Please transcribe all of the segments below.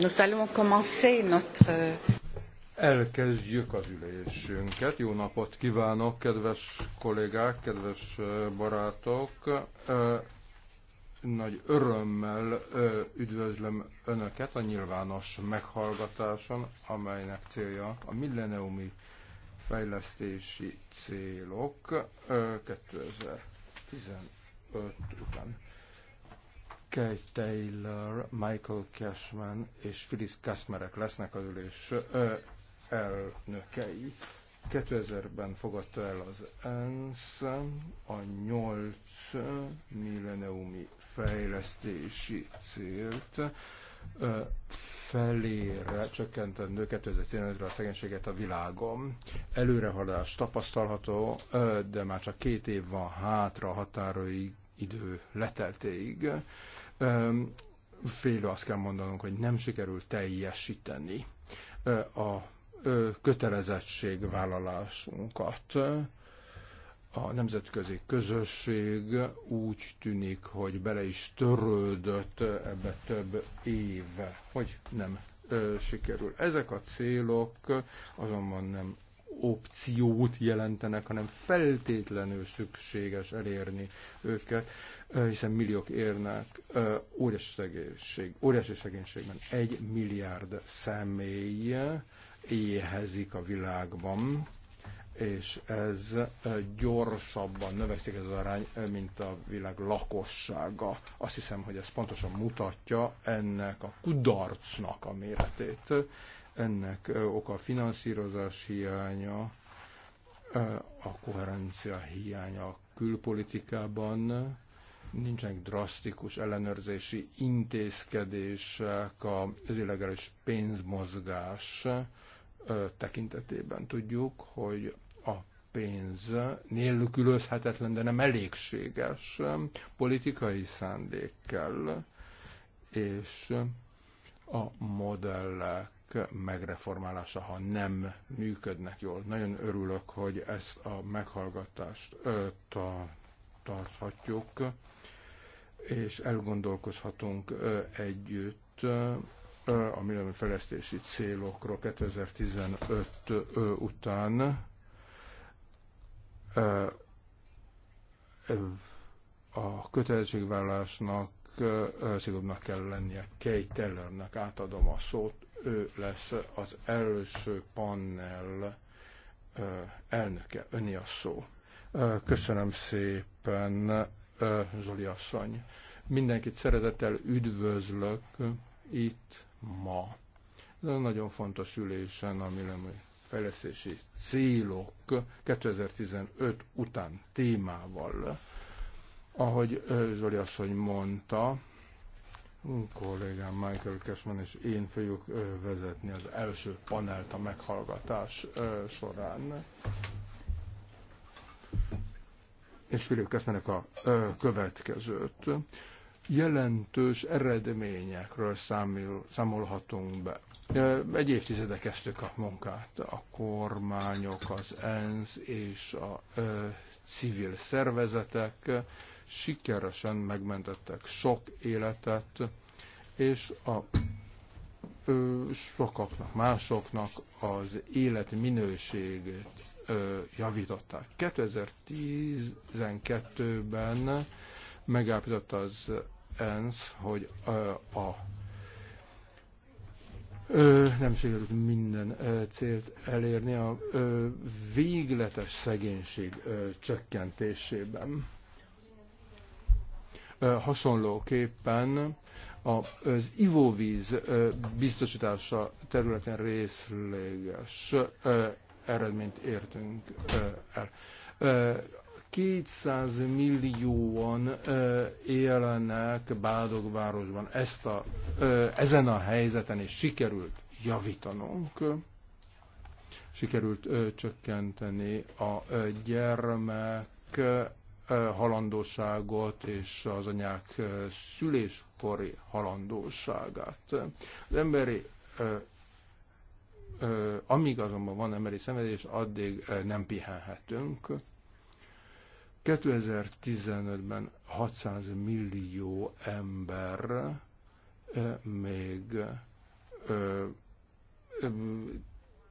Nous allons commencer notre... Euh, Elkezdjük az ülésünket. Jó napot kívánok, kedves kollégák, kedves barátok. Nagy örömmel üdvözlöm Önöket a nyilvános meghallgatáson, amelynek célja a milleniumi fejlesztési célok 2015 után. Kay Taylor, Michael Cashman és Phyllis Kaszmerek lesznek az ülés elnökei. 2000-ben fogadta el az ENSZ a 8 milleniumi fejlesztési célt, felére csökkentendő 2015-re a szegénységet a világon. Előrehaladás tapasztalható, de már csak két év van hátra a határai idő leteltéig félő azt kell mondanunk, hogy nem sikerült teljesíteni a kötelezettségvállalásunkat. A nemzetközi közösség úgy tűnik, hogy bele is törődött ebbe több éve, hogy nem sikerül. Ezek a célok azonban nem opciót jelentenek, hanem feltétlenül szükséges elérni őket hiszen milliók érnek óriási szegénység, óriási szegénységben. Egy milliárd személy éhezik a világban, és ez gyorsabban növekszik ez az arány, mint a világ lakossága. Azt hiszem, hogy ez pontosan mutatja ennek a kudarcnak a méretét. Ennek oka a finanszírozás hiánya, a koherencia hiánya a külpolitikában, nincsenek drasztikus ellenőrzési intézkedések az illegális pénzmozgás tekintetében. Tudjuk, hogy a pénz nélkülözhetetlen, de nem elégséges politikai szándék kell, és a modellek megreformálása, ha nem működnek jól. Nagyon örülök, hogy ezt a meghallgatást tarthatjuk és elgondolkozhatunk együtt a millenniumi fejlesztési célokról 2015 után a kötelezettségvállalásnak szigorúnak kell lennie. Kay Tellernek átadom a szót, ő lesz az első panel elnöke, öni a szó. Köszönöm szépen, Zsoli asszony. Mindenkit szeretettel üdvözlök itt ma. Ez a nagyon fontos ülésen, ami fejlesztési célok 2015 után témával. Ahogy Zsoli asszony mondta, kollégám Michael Cashman és én fogjuk vezetni az első panelt a meghallgatás során és fülőközmenek a következőt. Jelentős eredményekről számol, számolhatunk be. Egy évtizede kezdtük a munkát. A kormányok, az ENSZ és a civil szervezetek sikeresen megmentettek sok életet, és a sokaknak, másoknak az életminőségét javították. 2012-ben megállapította az ENSZ, hogy a, a Ö, nem sikerült minden ö, célt elérni a ö, végletes szegénység ö, csökkentésében. Ö, hasonlóképpen az ivóvíz biztosítása területen részleges eredményt értünk el. 200 millióan élnek Bádogvárosban. Ezt a, ezen a helyzeten is sikerült javítanunk, sikerült csökkenteni a gyermek halandóságot és az anyák szüléskori halandóságát. Az emberi amíg azonban van emberi szenvedés, addig nem pihenhetünk. 2015-ben 600 millió ember még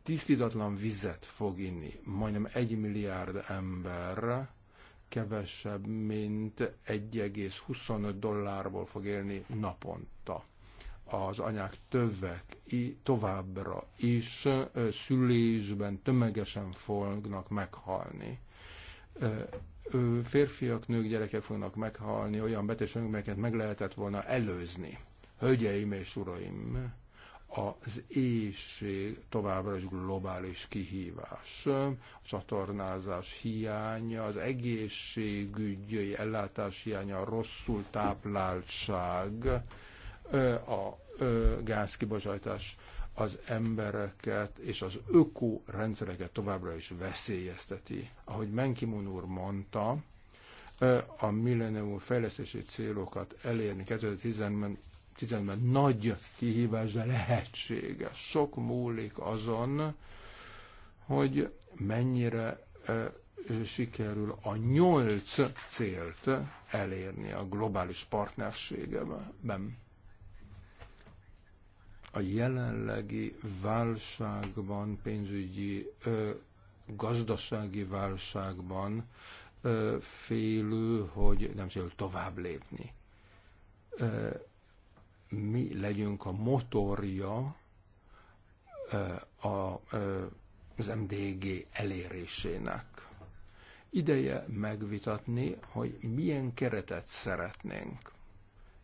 tisztítatlan vizet fog inni. Majdnem egy milliárd ember kevesebb, mint 1,25 dollárból fog élni naponta. Az anyák tövek továbbra is szülésben tömegesen fognak meghalni férfiak, nők, gyerekek fognak meghalni olyan betegségek, melyeket meg lehetett volna előzni. Hölgyeim és uraim, az éjség továbbra is globális kihívás. A csatornázás hiánya, az egészségügyi ellátás hiánya, a rosszul tápláltság, a gázkibocsátás az embereket és az rendszereket továbbra is veszélyezteti. Ahogy Menkimun úr mondta, a millenium fejlesztési célokat elérni 2010-ben tizenben nagy kihívás, de lehetséges. Sok múlik azon, hogy mennyire sikerül a nyolc célt elérni a globális partnerségeben. A jelenlegi válságban, pénzügyi, gazdasági válságban félő, hogy nem sikerül tovább lépni mi legyünk a motorja az MDG elérésének. Ideje megvitatni, hogy milyen keretet szeretnénk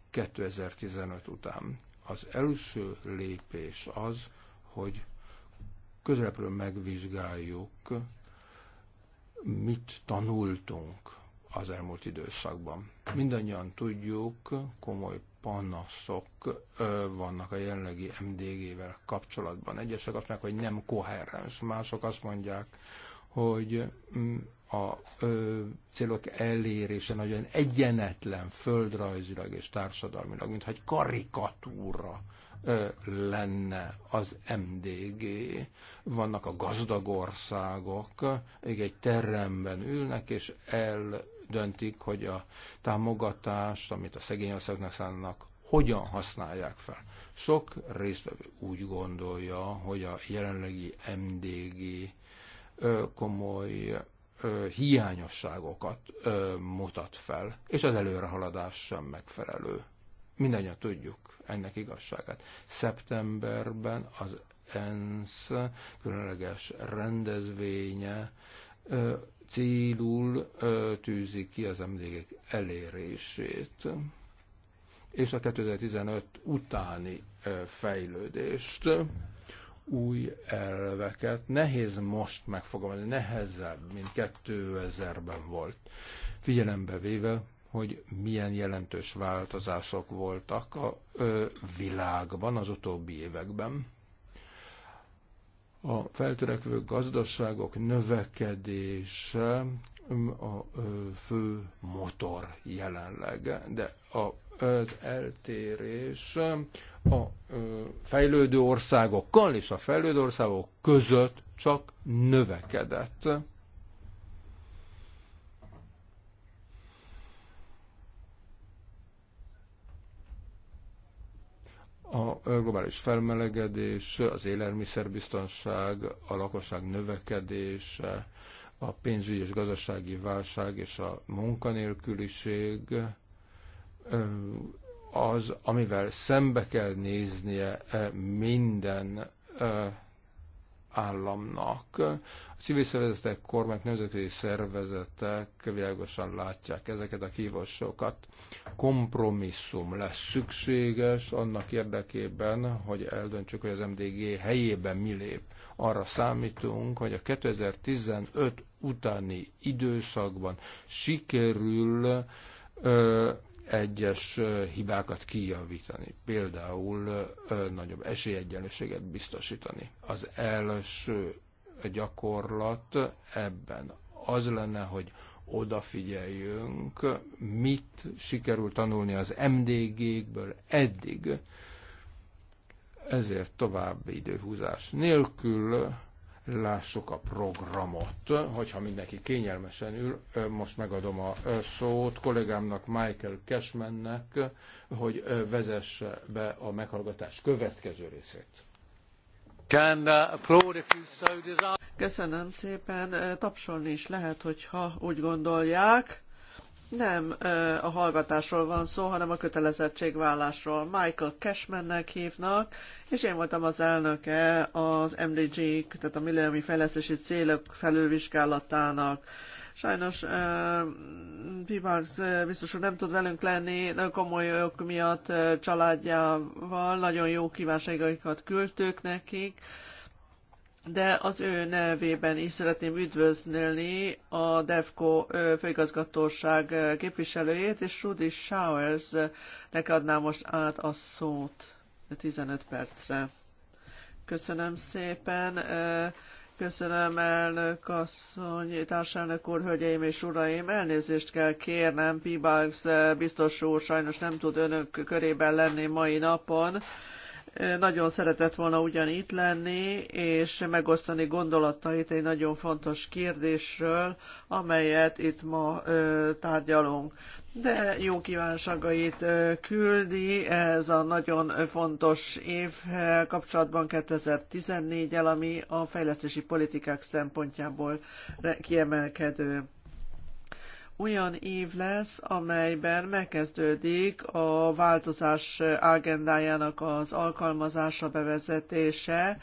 2015 után. Az első lépés az, hogy közelebbről megvizsgáljuk, mit tanultunk az elmúlt időszakban. Mindannyian tudjuk, komoly panaszok vannak a jelenlegi MDG-vel kapcsolatban. Egyesek azt mondják, hogy nem koherens, mások azt mondják, hogy mm, a célok elérése nagyon egyenetlen földrajzilag és társadalmilag, mintha egy karikatúra lenne az MDG. Vannak a gazdag országok, egy teremben ülnek, és el döntik, hogy a támogatást, amit a szegény országnak szállnak, hogyan használják fel. Sok résztvevő úgy gondolja, hogy a jelenlegi MDG komoly hiányosságokat mutat fel, és az előrehaladás sem megfelelő. Mindannyian tudjuk ennek igazságát. Szeptemberben az ENSZ különleges rendezvénye célul tűzi ki az emlékek elérését és a 2015 utáni fejlődést, új elveket. Nehéz most megfogalmazni, nehezebb, mint 2000-ben volt. Figyelembe véve, hogy milyen jelentős változások voltak a világban az utóbbi években a feltörekvő gazdaságok növekedése a fő motor jelenleg, de a az eltérés a fejlődő országokkal és a fejlődő országok között csak növekedett. A globális felmelegedés, az élelmiszerbiztonság, a lakosság növekedése, a pénzügyi és gazdasági válság és a munkanélküliség az, amivel szembe kell néznie minden államnak. A civil szervezetek, kormányok, nemzetközi szervezetek világosan látják ezeket a kívásokat. Kompromisszum lesz szükséges annak érdekében, hogy eldöntsük, hogy az MDG helyében mi lép. Arra számítunk, hogy a 2015 utáni időszakban sikerül egyes hibákat kijavítani, például nagyobb esélyegyenlőséget biztosítani. Az első gyakorlat ebben az lenne, hogy odafigyeljünk, mit sikerült tanulni az MDG-kből eddig, ezért további időhúzás nélkül Lássuk a programot, hogyha mindenki kényelmesen ül. Most megadom a szót kollégámnak Michael Cashmannek, hogy vezesse be a meghallgatás következő részét. Uh, Köszönöm szépen, tapsolni is lehet, hogyha úgy gondolják. Nem a hallgatásról van szó, hanem a kötelezettségvállásról. Michael Cashmannek hívnak, és én voltam az elnöke az MDG, tehát a Millenniumi Fejlesztési Célok felülvizsgálatának. Sajnos uh, Pivax uh, biztos, hogy nem tud velünk lenni, komoly ok miatt uh, családjával, nagyon jó kívánságaikat küldtük nekik, uh, de az ő nevében is szeretném üdvözlni a DEFCO főigazgatóság képviselőjét, és Rudy Showers nek adnám most át a szót 15 percre. Köszönöm szépen. Köszönöm, elnök asszony, társelnök úr, hölgyeim és uraim. Elnézést kell kérnem, Pibax biztos úr sajnos nem tud önök körében lenni mai napon nagyon szeretett volna ugyan itt lenni, és megosztani gondolatait egy nagyon fontos kérdésről, amelyet itt ma tárgyalunk. De jó kívánságait küldi ez a nagyon fontos év kapcsolatban 2014-el, ami a fejlesztési politikák szempontjából kiemelkedő olyan év lesz, amelyben megkezdődik a változás agendájának az alkalmazása, bevezetése.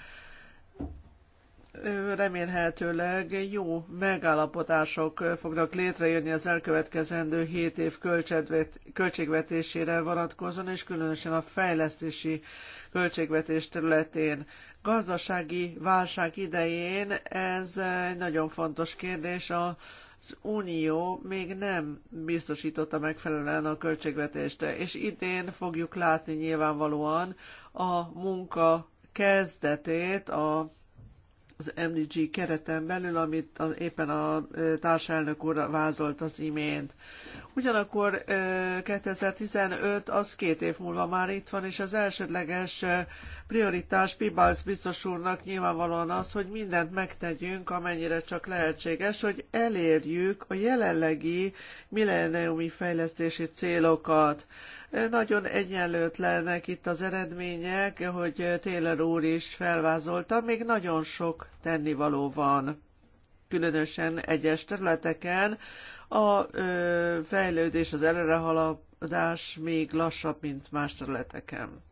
Remélhetőleg jó megállapodások fognak létrejönni az elkövetkezendő 7 év költségvetésére vonatkozóan, és különösen a fejlesztési költségvetés területén. Gazdasági válság idején ez egy nagyon fontos kérdés a az Unió még nem biztosította megfelelően a költségvetést, és idén fogjuk látni nyilvánvalóan a munka kezdetét a az MDG kereten belül, amit az, éppen a társelnök úr vázolt az imént. Ugyanakkor 2015 az két év múlva már itt van, és az elsődleges prioritás Pibalsz biztos úrnak nyilvánvalóan az, hogy mindent megtegyünk, amennyire csak lehetséges, hogy elérjük a jelenlegi milleniumi fejlesztési célokat nagyon egyenlőtlenek itt az eredmények, hogy Taylor úr is felvázolta, még nagyon sok tennivaló van, különösen egyes területeken. A fejlődés, az előrehaladás még lassabb, mint más területeken.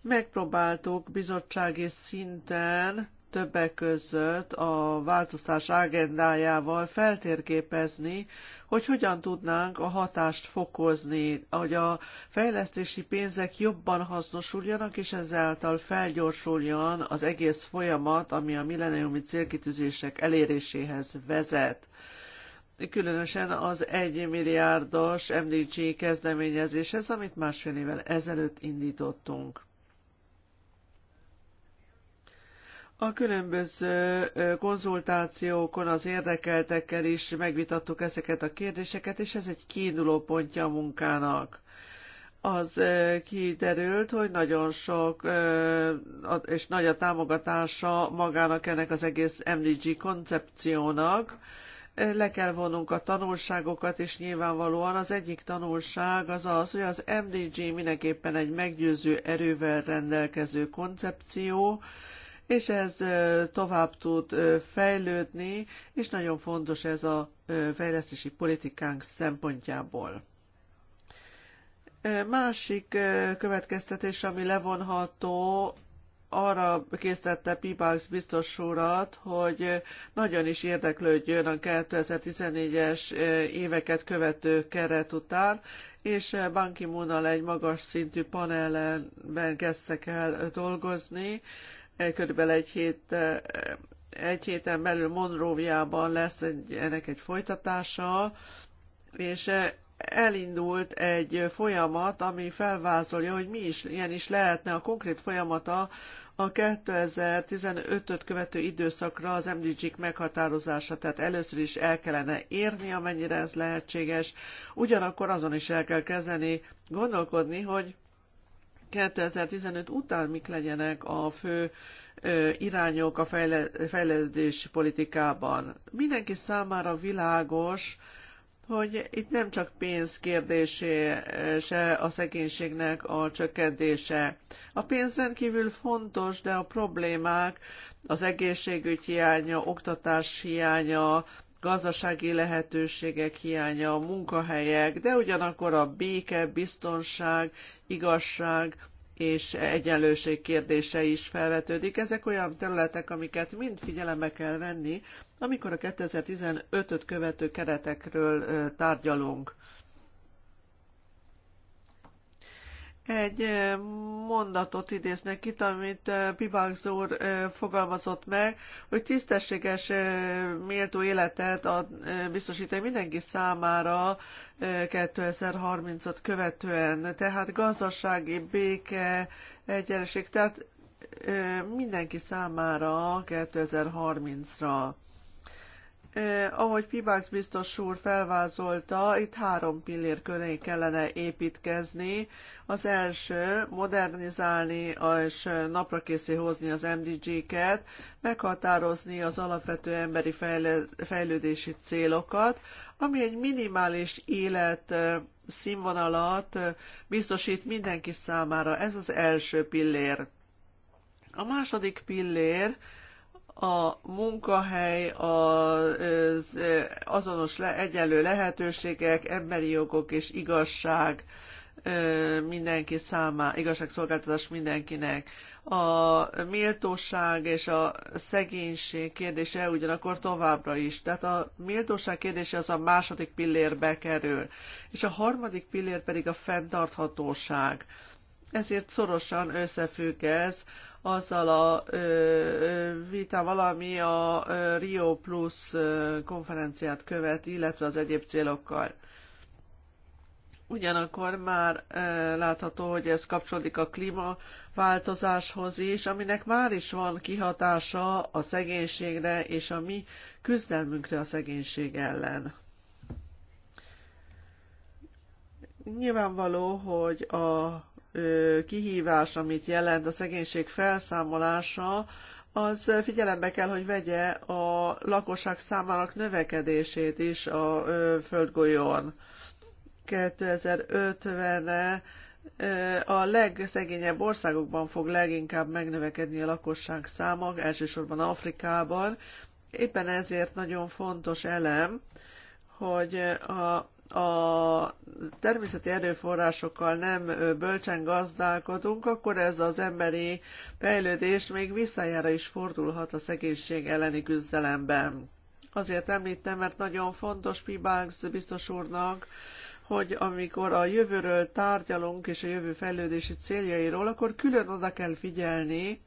Megpróbáltuk bizottsági szinten többek között a változtás agendájával feltérképezni, hogy hogyan tudnánk a hatást fokozni, hogy a fejlesztési pénzek jobban hasznosuljanak, és ezáltal felgyorsuljon az egész folyamat, ami a milleniumi célkitűzések eléréséhez vezet különösen az 1 milliárdos MDG kezdeményezéshez, amit másfél évvel ezelőtt indítottunk. A különböző konzultációkon az érdekeltekkel is megvitattuk ezeket a kérdéseket, és ez egy kiinduló pontja a munkának az kiderült, hogy nagyon sok és nagy a támogatása magának ennek az egész MDG koncepciónak. Le kell vonnunk a tanulságokat, és nyilvánvalóan az egyik tanulság az az, hogy az MDG mindenképpen egy meggyőző erővel rendelkező koncepció, és ez tovább tud fejlődni, és nagyon fontos ez a fejlesztési politikánk szempontjából. Másik következtetés, ami levonható, arra készítette Pibax biztos urat, hogy nagyon is érdeklődjön a 2014-es éveket követő keret után, és banki Munal egy magas szintű panelben kezdtek el dolgozni, körülbelül egy, hét, egy héten belül Monróviában lesz egy, ennek egy folytatása, és e, elindult egy folyamat, ami felvázolja, hogy mi is, ilyen is lehetne a konkrét folyamata a 2015-öt követő időszakra az MDG-k meghatározása, tehát először is el kellene érni, amennyire ez lehetséges, ugyanakkor azon is el kell kezdeni gondolkodni, hogy 2015 után mik legyenek a fő irányok a fejlesztés politikában. Mindenki számára világos, hogy itt nem csak pénz kérdése, se a szegénységnek a csökkentése. A pénz rendkívül fontos, de a problémák, az egészségügy hiánya, oktatás hiánya, gazdasági lehetőségek hiánya, a munkahelyek, de ugyanakkor a béke, biztonság, igazság és egyenlőség kérdése is felvetődik. Ezek olyan területek, amiket mind figyelembe kell venni, amikor a 2015-öt követő keretekről tárgyalunk. Egy mondatot idéznek itt, amit Bibax úr fogalmazott meg, hogy tisztességes, méltó életet ad, biztosítani mindenki számára 2030-at követően. Tehát gazdasági béke, egyenlőség, tehát mindenki számára 2030-ra. Ahogy Pibász biztos úr felvázolta, itt három pillér köré kellene építkezni. Az első, modernizálni és napra hozni az MDG-ket, meghatározni az alapvető emberi fejlődési célokat, ami egy minimális élet színvonalat biztosít mindenki számára. Ez az első pillér. A második pillér, a munkahely, az azonos le, egyenlő lehetőségek, emberi jogok és igazság mindenki számára, igazságszolgáltatás mindenkinek. A méltóság és a szegénység kérdése ugyanakkor továbbra is. Tehát a méltóság kérdése az a második pillérbe kerül, és a harmadik pillér pedig a fenntarthatóság. Ezért szorosan összefügg ez azzal a vitával, ami a Rio Plus konferenciát követ, illetve az egyéb célokkal. Ugyanakkor már látható, hogy ez kapcsolódik a klímaváltozáshoz is, aminek már is van kihatása a szegénységre és a mi küzdelmünkre a szegénység ellen. Nyilvánvaló, hogy a kihívás, amit jelent a szegénység felszámolása, az figyelembe kell, hogy vegye a lakosság számának növekedését is a földgolyón. 2050 e a legszegényebb országokban fog leginkább megnövekedni a lakosság száma, elsősorban Afrikában. Éppen ezért nagyon fontos elem, hogy a a természeti erőforrásokkal nem bölcsen gazdálkodunk, akkor ez az emberi fejlődés még visszajára is fordulhat a szegénység elleni küzdelemben. Azért említem, mert nagyon fontos Pibax biztos úrnak, hogy amikor a jövőről tárgyalunk és a jövő fejlődési céljairól, akkor külön oda kell figyelni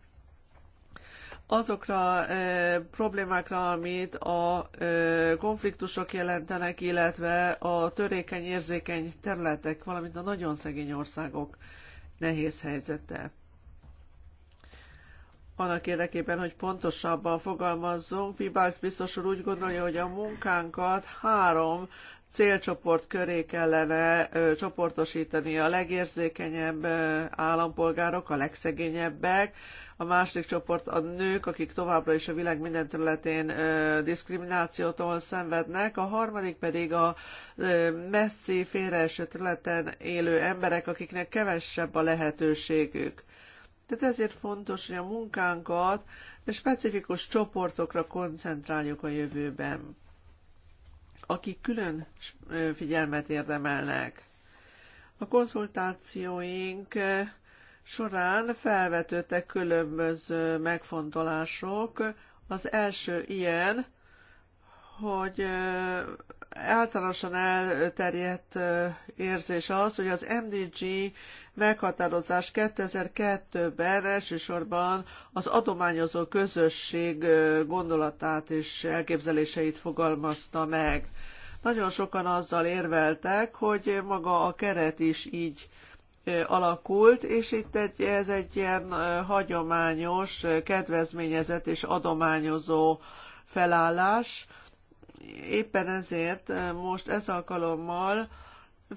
azokra e, problémákra, amit a e, konfliktusok jelentenek, illetve a törékeny, érzékeny területek, valamint a nagyon szegény országok nehéz helyzete. Annak érdekében, hogy pontosabban fogalmazzunk, Pibax biztos úr úgy gondolja, hogy a munkánkat három célcsoport köré kellene ö, csoportosítani a legérzékenyebb ö, állampolgárok, a legszegényebbek, a másik csoport a nők, akik továbbra is a világ minden területén ö, diszkriminációtól szenvednek. A harmadik pedig a ö, messzi, félreeső területen élő emberek, akiknek kevesebb a lehetőségük. Tehát ezért fontos, hogy a munkánkat specifikus csoportokra koncentráljuk a jövőben, akik külön figyelmet érdemelnek. A konzultációink során felvetődtek különböző megfontolások. Az első ilyen, hogy eh, általánosan elterjedt eh, érzés az, hogy az MDG meghatározás 2002-ben elsősorban az adományozó közösség eh, gondolatát és elképzeléseit fogalmazta meg. Nagyon sokan azzal érveltek, hogy maga a keret is így alakult, és itt egy, ez egy ilyen hagyományos, kedvezményezett és adományozó felállás. Éppen ezért most ez alkalommal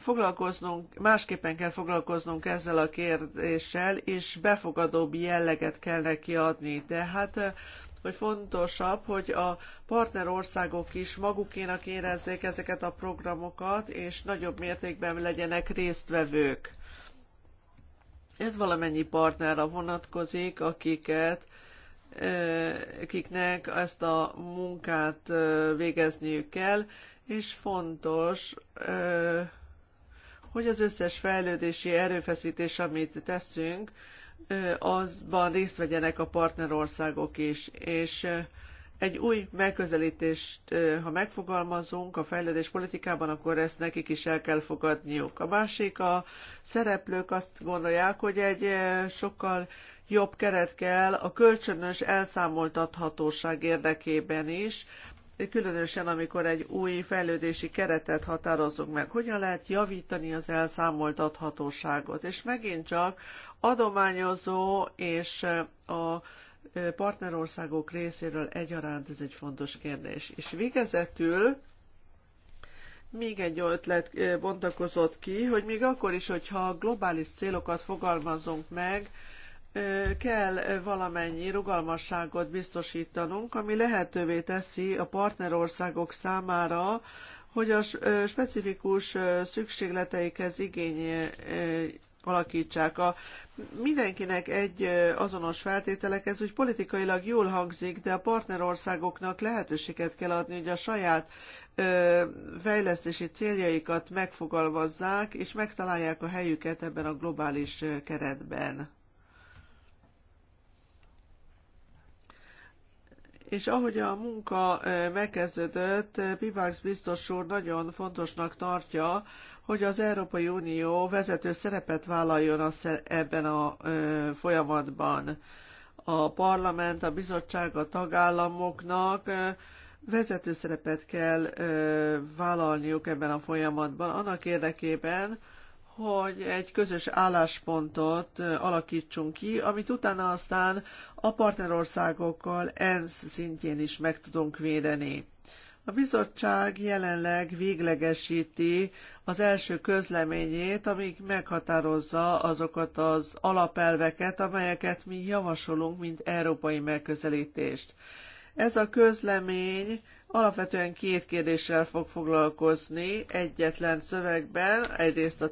foglalkoznunk, másképpen kell foglalkoznunk ezzel a kérdéssel, és befogadóbb jelleget kell neki adni. Tehát hogy fontosabb, hogy a partnerországok is magukénak érezzék ezeket a programokat, és nagyobb mértékben legyenek résztvevők. Ez valamennyi partnerra vonatkozik, akiket akiknek ezt a munkát végezniük kell, és fontos, hogy az összes fejlődési erőfeszítés, amit teszünk, azban részt vegyenek a partnerországok is, és egy új megközelítést, ha megfogalmazunk a fejlődés politikában, akkor ezt nekik is el kell fogadniuk. A másik, a szereplők azt gondolják, hogy egy sokkal jobb keret kell a kölcsönös elszámoltathatóság érdekében is, különösen amikor egy új fejlődési keretet határozunk meg, hogyan lehet javítani az elszámoltathatóságot. És megint csak adományozó és a partnerországok részéről egyaránt ez egy fontos kérdés. És végezetül még egy ötlet bontakozott ki, hogy még akkor is, hogyha globális célokat fogalmazunk meg, kell valamennyi rugalmasságot biztosítanunk, ami lehetővé teszi a partnerországok számára, hogy a specifikus szükségleteikhez, igény, alakítsák. A mindenkinek egy azonos feltételek, ez úgy politikailag jól hangzik, de a partnerországoknak lehetőséget kell adni, hogy a saját ö, fejlesztési céljaikat megfogalmazzák, és megtalálják a helyüket ebben a globális keretben. És ahogy a munka eh, megkezdődött, Pivax eh, biztos úr nagyon fontosnak tartja, hogy az Európai Unió vezető szerepet vállaljon ebben a eh, folyamatban. A parlament, a bizottság, a tagállamoknak vezető szerepet kell vállalniuk ebben a folyamatban, annak érdekében, hogy egy közös álláspontot alakítsunk ki, amit utána aztán a partnerországokkal ENSZ szintjén is meg tudunk védeni. A bizottság jelenleg véglegesíti az első közleményét, amik meghatározza azokat az alapelveket, amelyeket mi javasolunk, mint európai megközelítést. Ez a közlemény alapvetően két kérdéssel fog foglalkozni egyetlen szövegben. Egyrészt a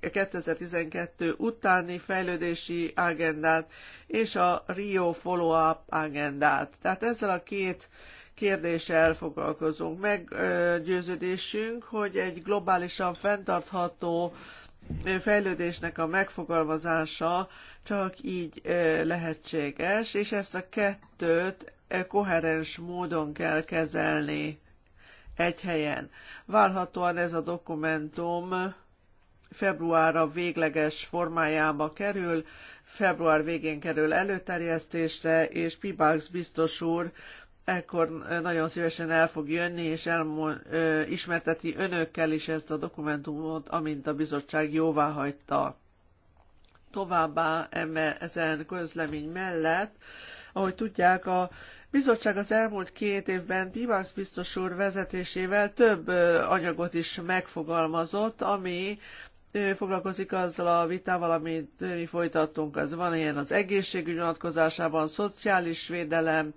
2012 utáni fejlődési agendát és a Rio follow-up agendát. Tehát ezzel a két kérdéssel foglalkozunk. Meggyőződésünk, hogy egy globálisan fenntartható fejlődésnek a megfogalmazása csak így lehetséges, és ezt a kettőt koherens módon kell kezelni egy helyen. Várhatóan ez a dokumentum februárra végleges formájába kerül, február végén kerül előterjesztésre, és Pibax biztos úr ekkor nagyon szívesen el fog jönni, és elmond, ö, ismerteti önökkel is ezt a dokumentumot, amint a bizottság jóvá hagyta. Továbbá eme, ezen közlemény mellett, ahogy tudják, a bizottság az elmúlt két évben Pivasz biztos úr vezetésével több anyagot is megfogalmazott, ami foglalkozik azzal a vitával, amit mi folytattunk. Az van ilyen az egészségügy vonatkozásában, a szociális védelem,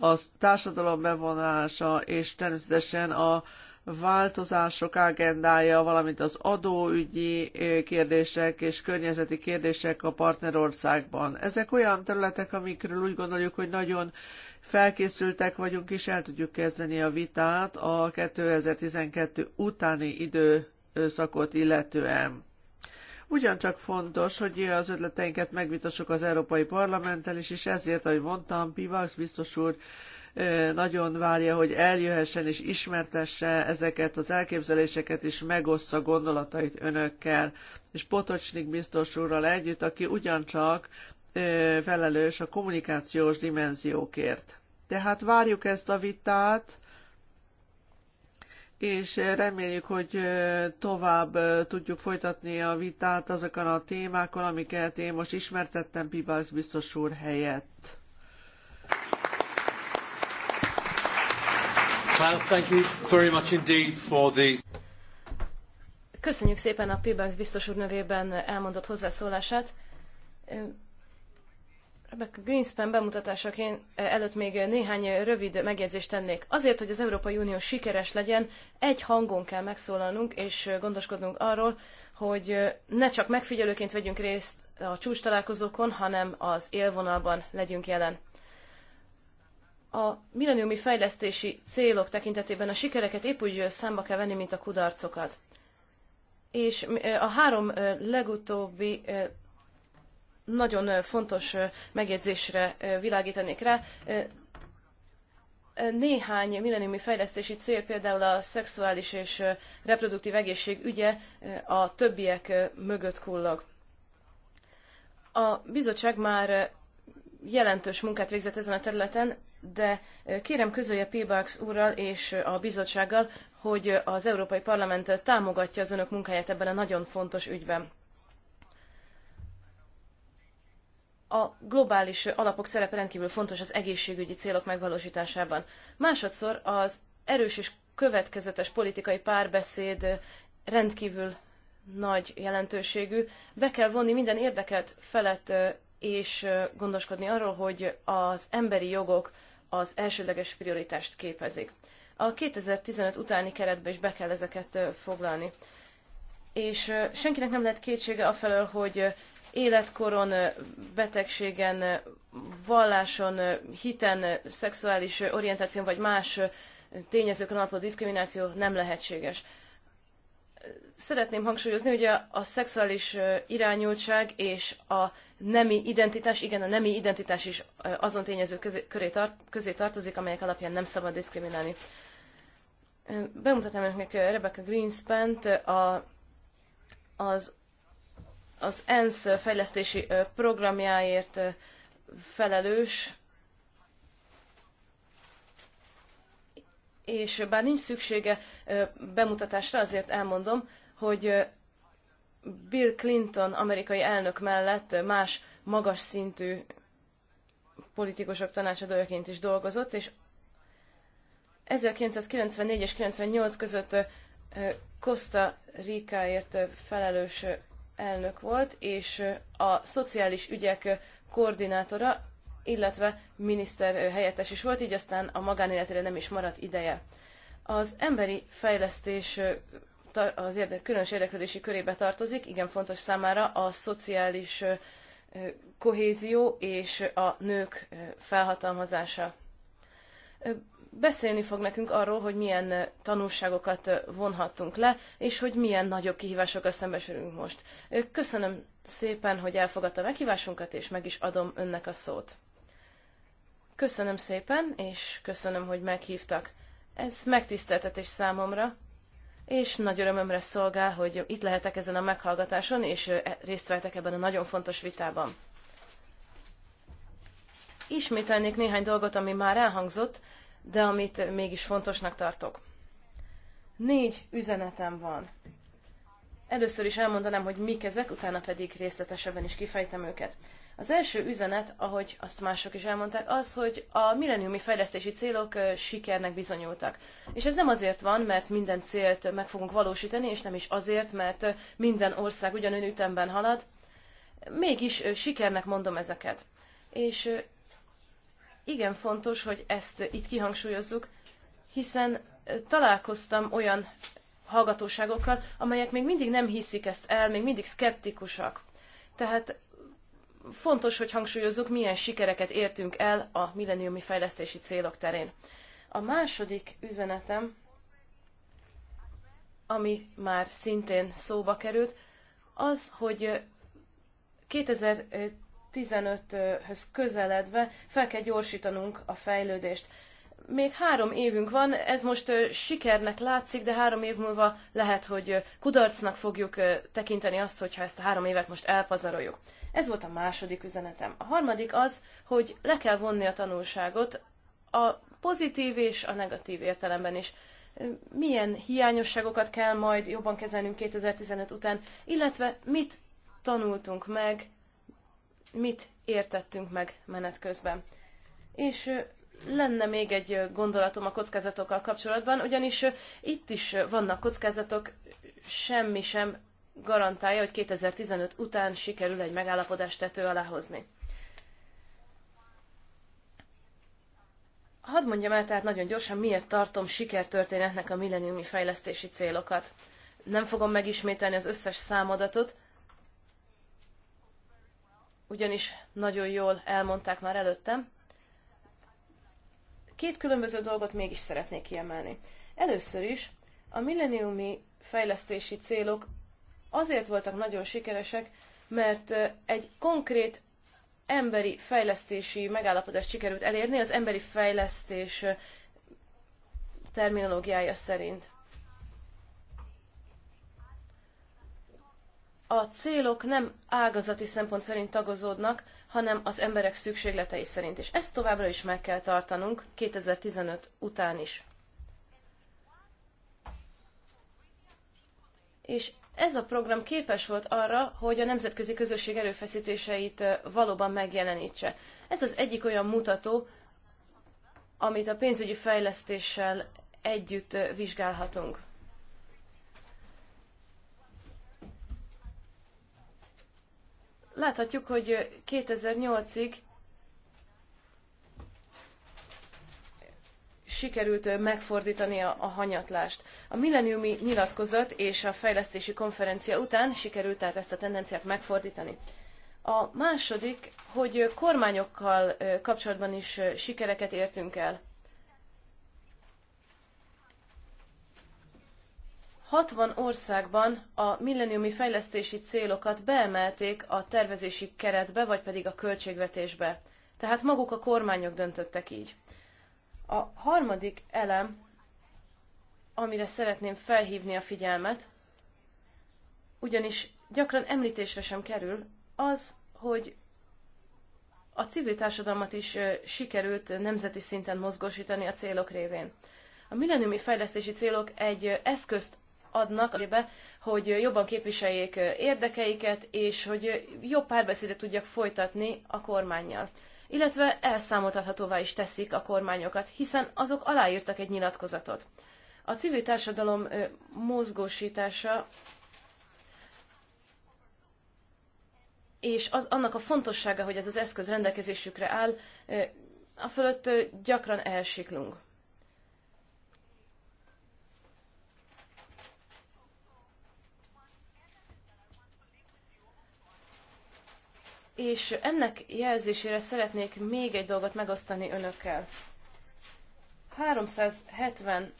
a társadalom bevonása, és természetesen a változások agendája, valamint az adóügyi kérdések és környezeti kérdések a partnerországban. Ezek olyan területek, amikről úgy gondoljuk, hogy nagyon felkészültek vagyunk, és el tudjuk kezdeni a vitát a 2012 utáni időszakot illetően. Ugyancsak fontos, hogy az ötleteinket megvitassuk az Európai Parlamenttel is, és ezért, ahogy mondtam, Pivax biztos úr nagyon várja, hogy eljöhessen és ismertesse ezeket az elképzeléseket, és megossza gondolatait önökkel. És Potocsnik biztos úrral együtt, aki ugyancsak felelős a kommunikációs dimenziókért. Tehát várjuk ezt a vitát, és reméljük, hogy tovább tudjuk folytatni a vitát azokon a témákon, amiket én most ismertettem Pibász biztos úr helyett. Köszönjük szépen a Pibász biztos úr nevében elmondott hozzászólását. Rebecca Greenspan bemutatásaként eh, előtt még néhány rövid megjegyzést tennék. Azért, hogy az Európai Unió sikeres legyen, egy hangon kell megszólalnunk és eh, gondoskodnunk arról, hogy eh, ne csak megfigyelőként vegyünk részt a csúcs találkozókon, hanem az élvonalban legyünk jelen. A milleniumi fejlesztési célok tekintetében a sikereket épp úgy számba kell venni, mint a kudarcokat. És a három legutóbbi nagyon fontos megjegyzésre világítanék rá. Néhány milleniumi fejlesztési cél, például a szexuális és reproduktív egészség ügye a többiek mögött kullog. A bizottság már jelentős munkát végzett ezen a területen, de kérem közölje Pibax úrral és a bizottsággal, hogy az Európai Parlament támogatja az önök munkáját ebben a nagyon fontos ügyben. a globális alapok szerepe rendkívül fontos az egészségügyi célok megvalósításában. Másodszor az erős és következetes politikai párbeszéd rendkívül nagy jelentőségű. Be kell vonni minden érdekelt felet és gondoskodni arról, hogy az emberi jogok az elsődleges prioritást képezik. A 2015 utáni keretbe is be kell ezeket foglalni. És senkinek nem lehet kétsége afelől, hogy életkoron, betegségen, valláson, hiten, szexuális orientáción vagy más tényezőkön alapuló diszkrimináció nem lehetséges. Szeretném hangsúlyozni, hogy a, a szexuális irányultság és a nemi identitás, igen, a nemi identitás is azon tényezők közé, tart, közé tartozik, amelyek alapján nem szabad diszkriminálni. Bemutatnám önöknek Rebecca Greenspant, a, az az ENSZ fejlesztési programjáért felelős, és bár nincs szüksége bemutatásra, azért elmondom, hogy Bill Clinton amerikai elnök mellett más magas szintű politikusok tanácsadójaként is dolgozott, és 1994 és 98 között Costa Ricaért felelős elnök volt, és a szociális ügyek koordinátora, illetve miniszter helyettes is volt, így aztán a magánéletére nem is maradt ideje. Az emberi fejlesztés az különös érdeklődési körébe tartozik, igen fontos számára a szociális kohézió és a nők felhatalmazása beszélni fog nekünk arról, hogy milyen tanulságokat vonhattunk le, és hogy milyen nagyobb kihívásokkal szembesülünk most. Köszönöm szépen, hogy elfogadta meghívásunkat, és meg is adom önnek a szót. Köszönöm szépen, és köszönöm, hogy meghívtak. Ez megtiszteltetés számomra, és nagy örömömre szolgál, hogy itt lehetek ezen a meghallgatáson, és e, részt vettek ebben a nagyon fontos vitában. Ismételnék néhány dolgot, ami már elhangzott, de amit mégis fontosnak tartok. Négy üzenetem van. Először is elmondanám, hogy mik ezek, utána pedig részletesebben is kifejtem őket. Az első üzenet, ahogy azt mások is elmondták, az, hogy a milleniumi fejlesztési célok sikernek bizonyultak. És ez nem azért van, mert minden célt meg fogunk valósítani, és nem is azért, mert minden ország ugyanön ütemben halad. Mégis sikernek mondom ezeket. És igen fontos, hogy ezt itt kihangsúlyozzuk, hiszen találkoztam olyan hallgatóságokkal, amelyek még mindig nem hiszik ezt el, még mindig szkeptikusak. Tehát fontos, hogy hangsúlyozzuk, milyen sikereket értünk el a milleniumi fejlesztési célok terén. A második üzenetem, ami már szintén szóba került, az, hogy 2000 15-höz közeledve fel kell gyorsítanunk a fejlődést. Még három évünk van, ez most sikernek látszik, de három év múlva lehet, hogy kudarcnak fogjuk tekinteni azt, hogyha ezt a három évet most elpazaroljuk. Ez volt a második üzenetem. A harmadik az, hogy le kell vonni a tanulságot a pozitív és a negatív értelemben is milyen hiányosságokat kell majd jobban kezelnünk 2015 után, illetve mit tanultunk meg mit értettünk meg menet közben. És lenne még egy gondolatom a kockázatokkal kapcsolatban, ugyanis itt is vannak kockázatok, semmi sem garantálja, hogy 2015 után sikerül egy megállapodást tető alá hozni. Hadd mondjam el tehát nagyon gyorsan, miért tartom sikertörténetnek a milleniumi fejlesztési célokat. Nem fogom megismételni az összes számadatot, ugyanis nagyon jól elmondták már előttem. Két különböző dolgot mégis szeretnék kiemelni. Először is a milleniumi fejlesztési célok azért voltak nagyon sikeresek, mert egy konkrét emberi fejlesztési megállapodást sikerült elérni az emberi fejlesztés terminológiája szerint. a célok nem ágazati szempont szerint tagozódnak, hanem az emberek szükségletei szerint, és ezt továbbra is meg kell tartanunk 2015 után is. És ez a program képes volt arra, hogy a nemzetközi közösség erőfeszítéseit valóban megjelenítse. Ez az egyik olyan mutató, amit a pénzügyi fejlesztéssel együtt vizsgálhatunk. láthatjuk, hogy 2008-ig sikerült megfordítani a, a hanyatlást. A milleniumi nyilatkozat és a fejlesztési konferencia után sikerült tehát ezt a tendenciát megfordítani. A második, hogy kormányokkal kapcsolatban is sikereket értünk el. 60 országban a milleniumi fejlesztési célokat beemelték a tervezési keretbe, vagy pedig a költségvetésbe. Tehát maguk a kormányok döntöttek így. A harmadik elem, amire szeretném felhívni a figyelmet, ugyanis gyakran említésre sem kerül, az, hogy a civil társadalmat is sikerült nemzeti szinten mozgósítani a célok révén. A milleniumi fejlesztési célok egy eszközt adnak, azért, hogy jobban képviseljék érdekeiket, és hogy jobb párbeszédet tudjak folytatni a kormányjal. Illetve elszámoltathatóvá is teszik a kormányokat, hiszen azok aláírtak egy nyilatkozatot. A civil társadalom mozgósítása és az, annak a fontossága, hogy ez az eszköz rendelkezésükre áll, a fölött gyakran elsiklunk. és ennek jelzésére szeretnék még egy dolgot megosztani önökkel. 370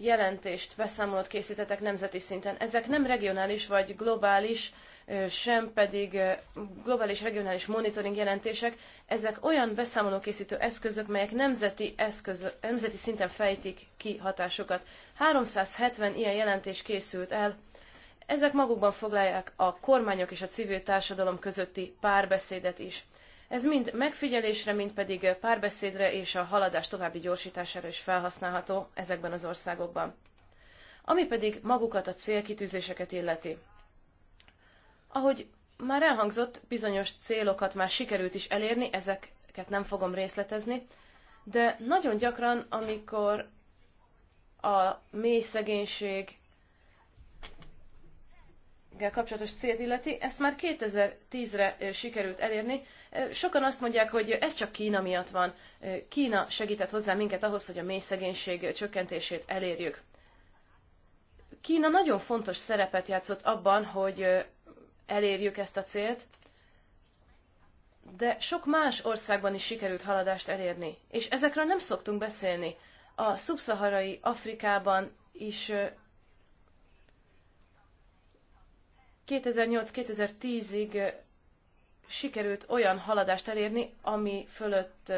jelentést, beszámolót készítetek nemzeti szinten. Ezek nem regionális vagy globális, sem pedig globális regionális monitoring jelentések. Ezek olyan beszámolókészítő eszközök, melyek nemzeti, eszköz, nemzeti szinten fejtik ki hatásokat. 370 ilyen jelentés készült el ezek magukban foglalják a kormányok és a civil társadalom közötti párbeszédet is. Ez mind megfigyelésre, mind pedig párbeszédre és a haladás további gyorsítására is felhasználható ezekben az országokban. Ami pedig magukat a célkitűzéseket illeti. Ahogy már elhangzott, bizonyos célokat már sikerült is elérni, ezeket nem fogom részletezni, de nagyon gyakran, amikor a mély szegénység, kapcsolatos célt illeti, ezt már 2010-re sikerült elérni. Sokan azt mondják, hogy ez csak Kína miatt van. Kína segített hozzá minket ahhoz, hogy a mély szegénység csökkentését elérjük. Kína nagyon fontos szerepet játszott abban, hogy elérjük ezt a célt, de sok más országban is sikerült haladást elérni, és ezekről nem szoktunk beszélni. A szubszaharai Afrikában is 2008-2010-ig sikerült olyan haladást elérni, ami fölött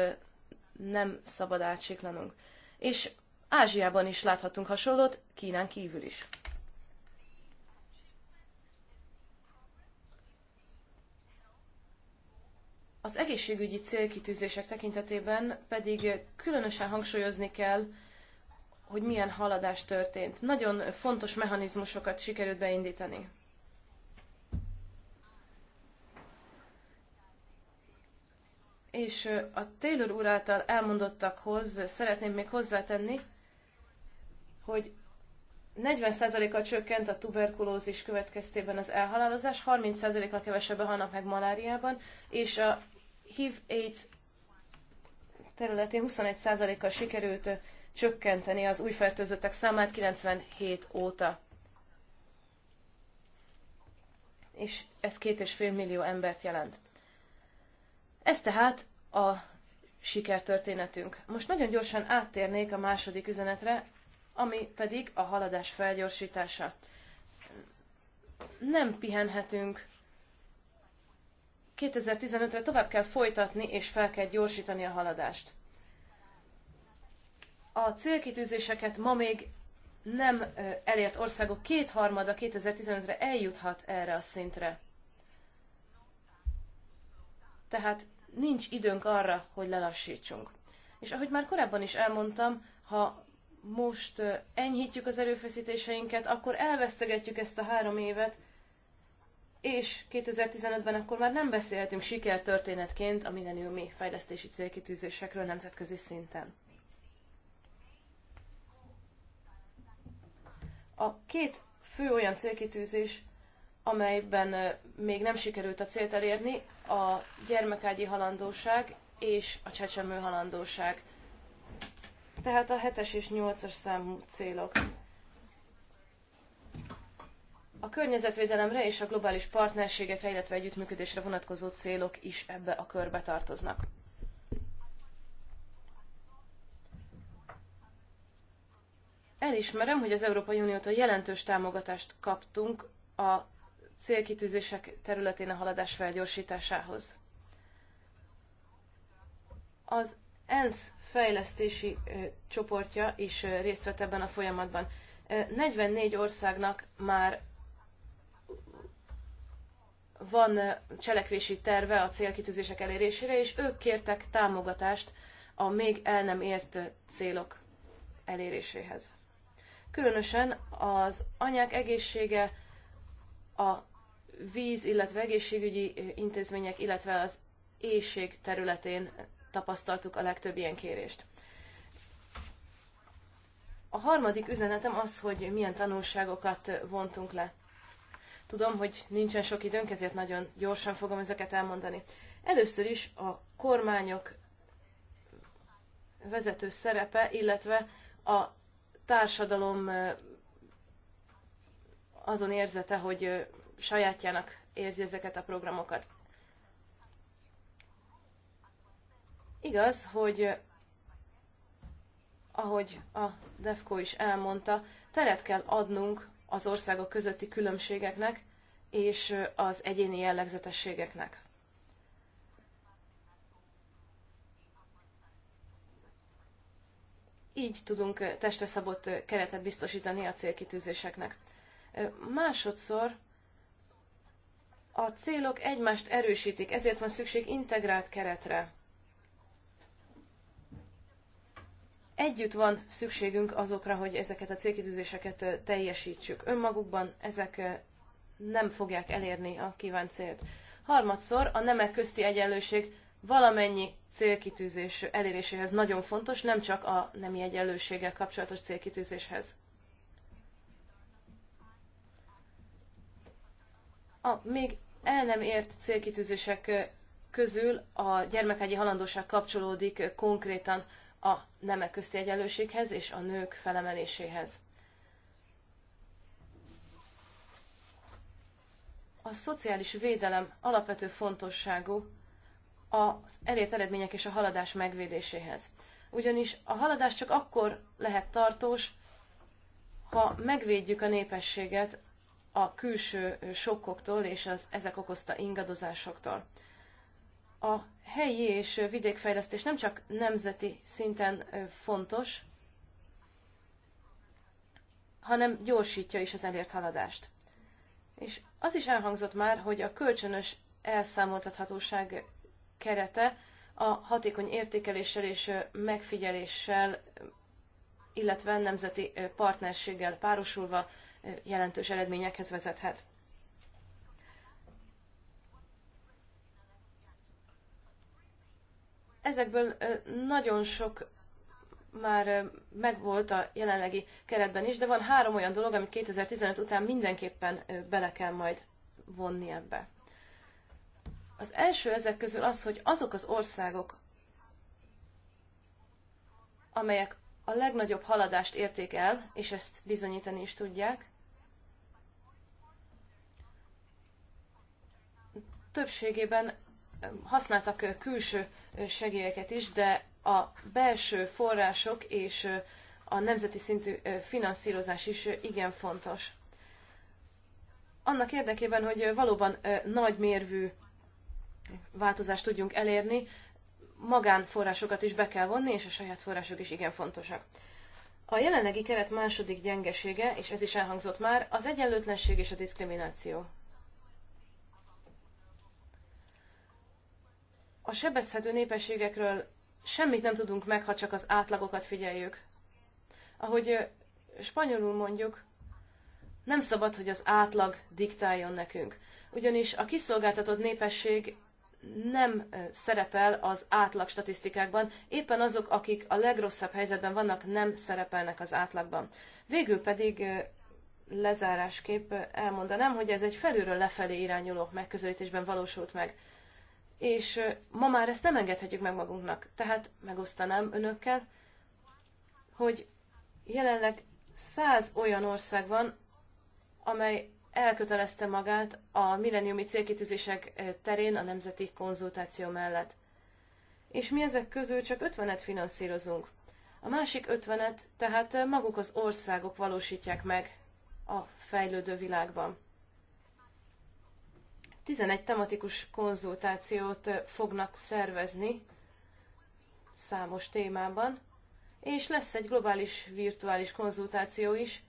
nem szabad átsiklanunk. És Ázsiában is láthatunk hasonlót, Kínán kívül is. Az egészségügyi célkitűzések tekintetében pedig különösen hangsúlyozni kell, hogy milyen haladás történt. Nagyon fontos mechanizmusokat sikerült beindítani. És a Taylor úr által elmondottakhoz szeretném még hozzátenni, hogy 40%-kal csökkent a tuberkulózis következtében az elhalálozás, 30%-kal kevesebben halnak meg maláriában, és a HIV-AIDS területén 21%-kal sikerült csökkenteni az új fertőzöttek számát 97 óta. És ez két és fél millió embert jelent. Ez tehát a sikertörténetünk. Most nagyon gyorsan áttérnék a második üzenetre, ami pedig a haladás felgyorsítása. Nem pihenhetünk. 2015-re tovább kell folytatni és fel kell gyorsítani a haladást. A célkitűzéseket ma még nem elért országok kétharmada 2015-re eljuthat erre a szintre. Tehát nincs időnk arra, hogy lelassítsunk. És ahogy már korábban is elmondtam, ha most enyhítjük az erőfeszítéseinket, akkor elvesztegetjük ezt a három évet, és 2015-ben akkor már nem beszélhetünk sikertörténetként a milleniumi e fejlesztési célkitűzésekről nemzetközi szinten. A két fő olyan célkitűzés, amelyben még nem sikerült a célt elérni, a gyermekágyi halandóság és a csecsemő halandóság. Tehát a 7-es és 8-as számú célok. A környezetvédelemre és a globális partnerségekre, illetve együttműködésre vonatkozó célok is ebbe a körbe tartoznak. Elismerem, hogy az Európai Uniótól jelentős támogatást kaptunk a célkitűzések területén a haladás felgyorsításához. Az ENSZ fejlesztési csoportja is részt vett ebben a folyamatban. 44 országnak már van cselekvési terve a célkitűzések elérésére, és ők kértek támogatást a még el nem ért célok eléréséhez. Különösen az anyák egészsége, a víz, illetve egészségügyi intézmények, illetve az éjség területén tapasztaltuk a legtöbb ilyen kérést. A harmadik üzenetem az, hogy milyen tanulságokat vontunk le. Tudom, hogy nincsen sok időnk, ezért nagyon gyorsan fogom ezeket elmondani. Először is a kormányok vezető szerepe, illetve a társadalom azon érzete, hogy sajátjának érzi ezeket a programokat. Igaz, hogy ahogy a DEFCO is elmondta, teret kell adnunk az országok közötti különbségeknek és az egyéni jellegzetességeknek. Így tudunk testre szabott keretet biztosítani a célkitűzéseknek. Másodszor a célok egymást erősítik, ezért van szükség integrált keretre. Együtt van szükségünk azokra, hogy ezeket a célkitűzéseket teljesítsük. Önmagukban ezek nem fogják elérni a kívánt célt. Harmadszor a nemek közti egyenlőség valamennyi célkitűzés eléréséhez nagyon fontos, nem csak a nemi egyenlőséggel kapcsolatos célkitűzéshez. A még el nem ért célkitűzések közül a gyermekágyi halandóság kapcsolódik konkrétan a nemek közti egyenlőséghez és a nők felemeléséhez. A szociális védelem alapvető fontosságú az elért eredmények és a haladás megvédéséhez. Ugyanis a haladás csak akkor lehet tartós, ha megvédjük a népességet a külső sokkoktól és az ezek okozta ingadozásoktól. A helyi és vidékfejlesztés nem csak nemzeti szinten fontos, hanem gyorsítja is az elért haladást. És az is elhangzott már, hogy a kölcsönös elszámoltathatóság kerete a hatékony értékeléssel és megfigyeléssel, illetve nemzeti partnerséggel párosulva jelentős eredményekhez vezethet. Ezekből nagyon sok már megvolt a jelenlegi keretben is, de van három olyan dolog, amit 2015 után mindenképpen bele kell majd vonni ebbe. Az első ezek közül az, hogy azok az országok, amelyek a legnagyobb haladást érték el, és ezt bizonyítani is tudják, többségében használtak külső segélyeket is, de a belső források és a nemzeti szintű finanszírozás is igen fontos. Annak érdekében, hogy valóban nagy mérvű változást tudjunk elérni, magánforrásokat is be kell vonni, és a saját források is igen fontosak. A jelenlegi keret második gyengesége, és ez is elhangzott már, az egyenlőtlenség és a diszkrimináció. A sebezhető népességekről semmit nem tudunk meg, ha csak az átlagokat figyeljük. Ahogy spanyolul mondjuk, nem szabad, hogy az átlag diktáljon nekünk. Ugyanis a kiszolgáltatott népesség nem szerepel az átlag statisztikákban, éppen azok, akik a legrosszabb helyzetben vannak, nem szerepelnek az átlagban. Végül pedig lezárásképp elmondanám, hogy ez egy felülről lefelé irányuló megközelítésben valósult meg és ma már ezt nem engedhetjük meg magunknak. Tehát megosztanám önökkel, hogy jelenleg száz olyan ország van, amely elkötelezte magát a milleniumi célkitűzések terén a nemzeti konzultáció mellett. És mi ezek közül csak 50-et finanszírozunk. A másik 50-et tehát maguk az országok valósítják meg a fejlődő világban. 11 tematikus konzultációt fognak szervezni számos témában, és lesz egy globális virtuális konzultáció is,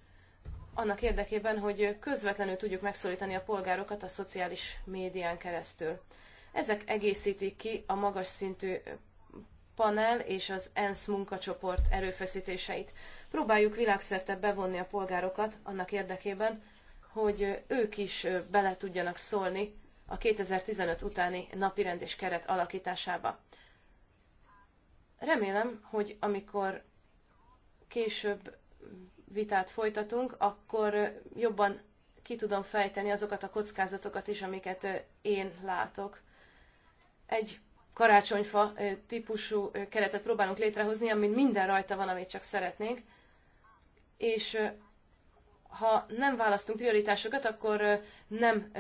annak érdekében, hogy közvetlenül tudjuk megszólítani a polgárokat a szociális médián keresztül. Ezek egészítik ki a magas szintű panel és az ENSZ munkacsoport erőfeszítéseit. Próbáljuk világszerte bevonni a polgárokat annak érdekében, hogy ők is bele tudjanak szólni a 2015 utáni napirend és keret alakításába. Remélem, hogy amikor később vitát folytatunk, akkor jobban ki tudom fejteni azokat a kockázatokat is, amiket én látok. Egy karácsonyfa típusú keretet próbálunk létrehozni, amin minden rajta van, amit csak szeretnénk. És ha nem választunk prioritásokat, akkor nem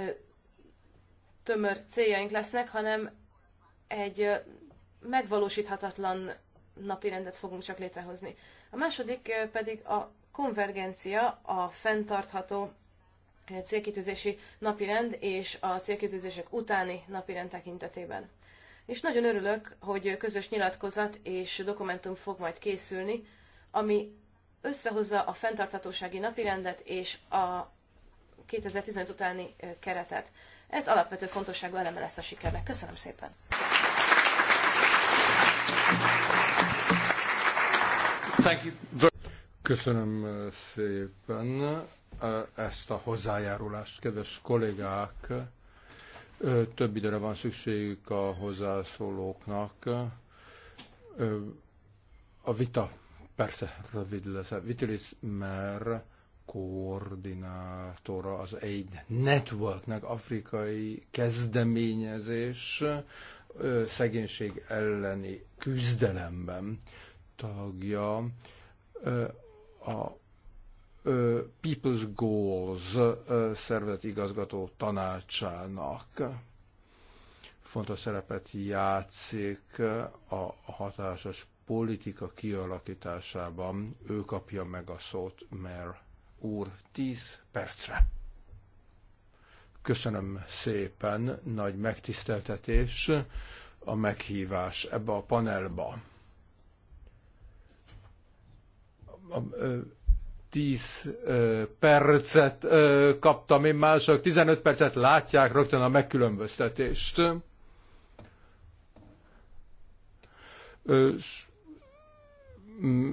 tömör céljaink lesznek, hanem egy megvalósíthatatlan napirendet fogunk csak létrehozni. A második pedig a konvergencia, a fenntartható célkitűzési napirend és a célkitűzések utáni napirend tekintetében. És nagyon örülök, hogy közös nyilatkozat és dokumentum fog majd készülni, ami összehozza a fenntarthatósági napirendet és a 2015 utáni keretet. Ez alapvető fontosságú eleme lesz a sikernek. Köszönöm szépen! Köszönöm uh, szépen uh, ezt a hozzájárulást, kedves kollégák! Uh, több időre van szükségük a hozzászólóknak. A vita persze rövid lesz. Vitilis, mert koordinátora az egy Networknek, afrikai kezdeményezés szegénység elleni küzdelemben tagja a People's Goals szervezet igazgató tanácsának fontos szerepet játszik a hatásos politika kialakításában. Ő kapja meg a szót, mert úr 10 percre. Köszönöm szépen, nagy megtiszteltetés a meghívás ebbe a panelba. A, ö, 10 ö, percet ö, kaptam én, mások 15 percet látják rögtön a megkülönböztetést. Ö, s,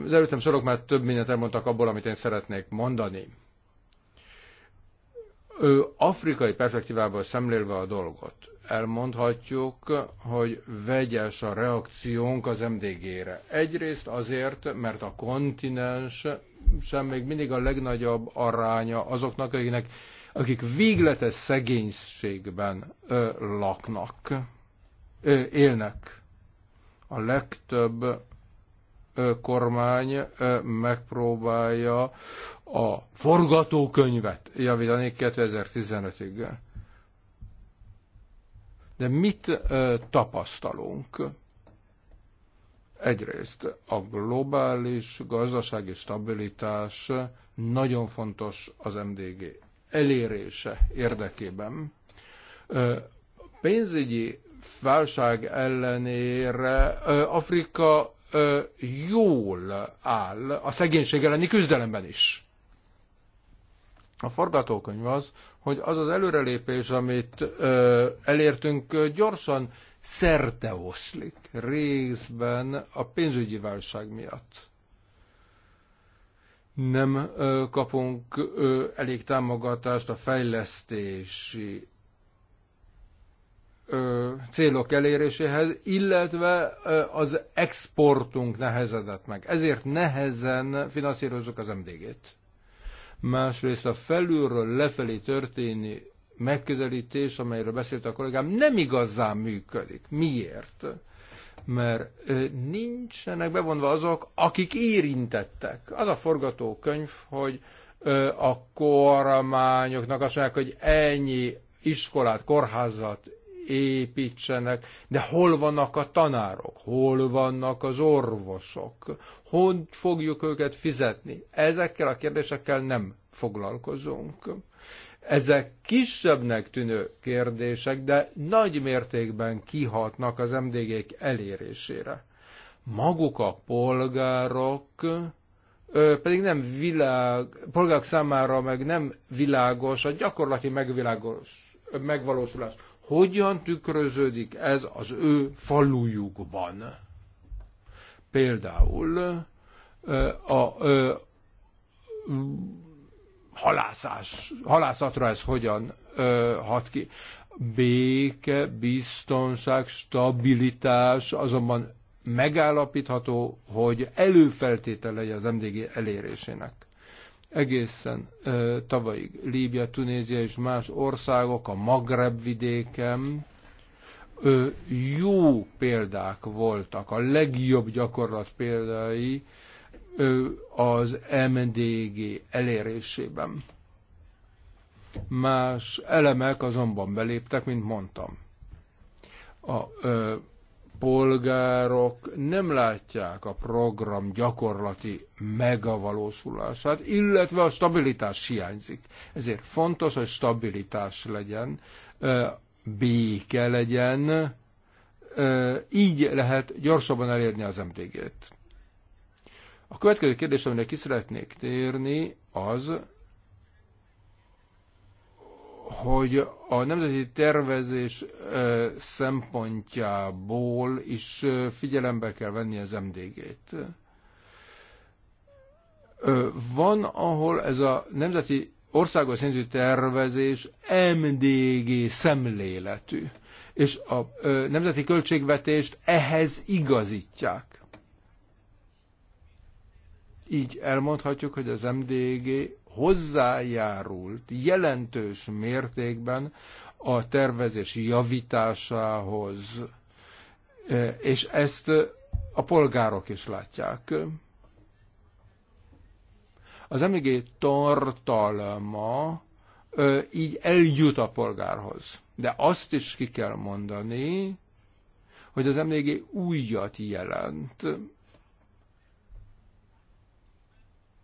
az előttem sorok már több mindent elmondtak abból, amit én szeretnék mondani. Ő afrikai perspektívából szemlélve a dolgot, elmondhatjuk, hogy vegyes a reakciónk az MDG-re. Egyrészt azért, mert a kontinens sem még mindig a legnagyobb aránya azoknak, akiknek, akik végletes szegénységben ö, laknak, ö, élnek. A legtöbb kormány megpróbálja a forgatókönyvet javítani 2015-ig. De mit tapasztalunk? Egyrészt a globális gazdasági stabilitás nagyon fontos az MDG elérése érdekében. Pénzügyi válság ellenére Afrika jól áll a szegénység elleni küzdelemben is. A forgatókönyv az, hogy az az előrelépés, amit elértünk, gyorsan szerte oszlik, részben a pénzügyi válság miatt. Nem kapunk elég támogatást a fejlesztési célok eléréséhez, illetve az exportunk nehezedett meg. Ezért nehezen finanszírozzuk az MDG-t. Másrészt a felülről lefelé történi megközelítés, amelyről beszélt a kollégám, nem igazán működik. Miért? Mert nincsenek bevonva azok, akik érintettek. Az a forgatókönyv, hogy a kormányoknak azt mondják, hogy ennyi iskolát, kórházat építsenek, de hol vannak a tanárok, hol vannak az orvosok, hogy fogjuk őket fizetni. Ezekkel a kérdésekkel nem foglalkozunk. Ezek kisebbnek tűnő kérdések, de nagy mértékben kihatnak az mdg elérésére. Maguk a polgárok pedig nem világ, polgárok számára meg nem világos a gyakorlati megvilágos, megvalósulás. Hogyan tükröződik ez az ő falujukban? Például a, a halászás, halászatra ez hogyan a, hat ki. Béke, biztonság, stabilitás, azonban megállapítható, hogy előfeltételei az MDG elérésének. Egészen ö, tavalyig Líbia, Tunézia és más országok a Magreb vidéken ö, jó példák voltak, a legjobb gyakorlat példái ö, az MDG elérésében. Más elemek azonban beléptek, mint mondtam. A ö, polgárok nem látják a program gyakorlati megavalósulását, illetve a stabilitás hiányzik. Ezért fontos, hogy stabilitás legyen, béke legyen, így lehet gyorsabban elérni az mtg t A következő kérdés, amire ki szeretnék térni, az, hogy a nemzeti tervezés szempontjából is figyelembe kell venni az MDG-t. Van, ahol ez a nemzeti országos szintű tervezés MDG szemléletű, és a nemzeti költségvetést ehhez igazítják. Így elmondhatjuk, hogy az MDG hozzájárult jelentős mértékben a tervezés javításához, e, és ezt a polgárok is látják. Az MG tartalma e, így eljut a polgárhoz. De azt is ki kell mondani, hogy az MDG újat jelent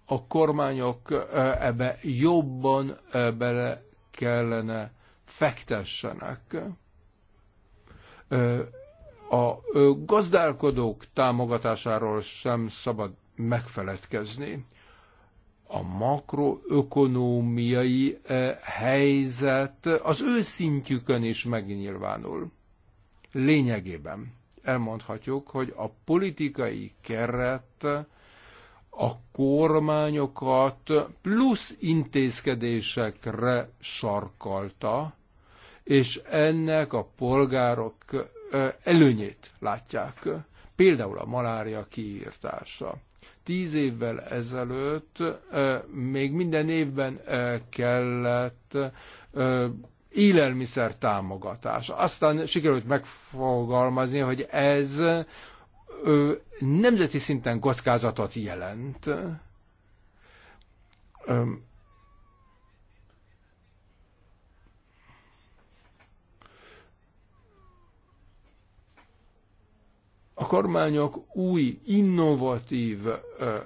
a kormányok ebbe jobban bele kellene fektessenek. A gazdálkodók támogatásáról sem szabad megfeledkezni. A makroökonómiai helyzet az őszintjükön is megnyilvánul. Lényegében elmondhatjuk, hogy a politikai keret a kormányokat plusz intézkedésekre sarkalta, és ennek a polgárok előnyét látják. Például a malária kiírtása. Tíz évvel ezelőtt még minden évben kellett élelmiszer támogatás. Aztán sikerült megfogalmazni, hogy ez nemzeti szinten kockázatot jelent. a kormányok új, innovatív ö,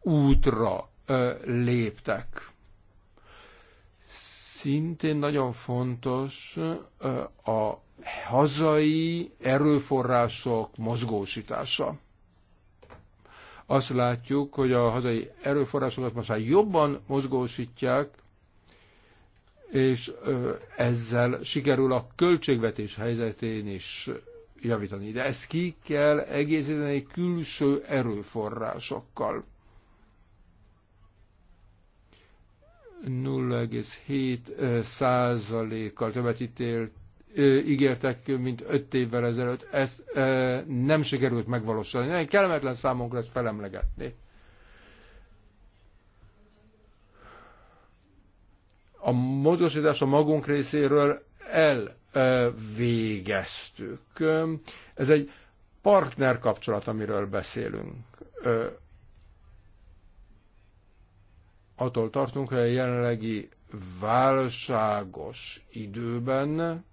útra ö, léptek. Szintén nagyon fontos ö, a hazai erőforrások mozgósítása. Azt látjuk, hogy a hazai erőforrásokat most már jobban mozgósítják, és ezzel sikerül a költségvetés helyzetén is javítani. De ezt ki kell egészíteni külső erőforrásokkal. 0,7 százalékkal többet ítélt ígértek, mint öt évvel ezelőtt. Ezt nem sikerült megvalósítani. Nagyon kellemetlen számunkra ezt felemlegetni. A mozgósítás a magunk részéről elvégeztük. Ez egy partnerkapcsolat, amiről beszélünk attól tartunk, hogy a jelenlegi válságos időben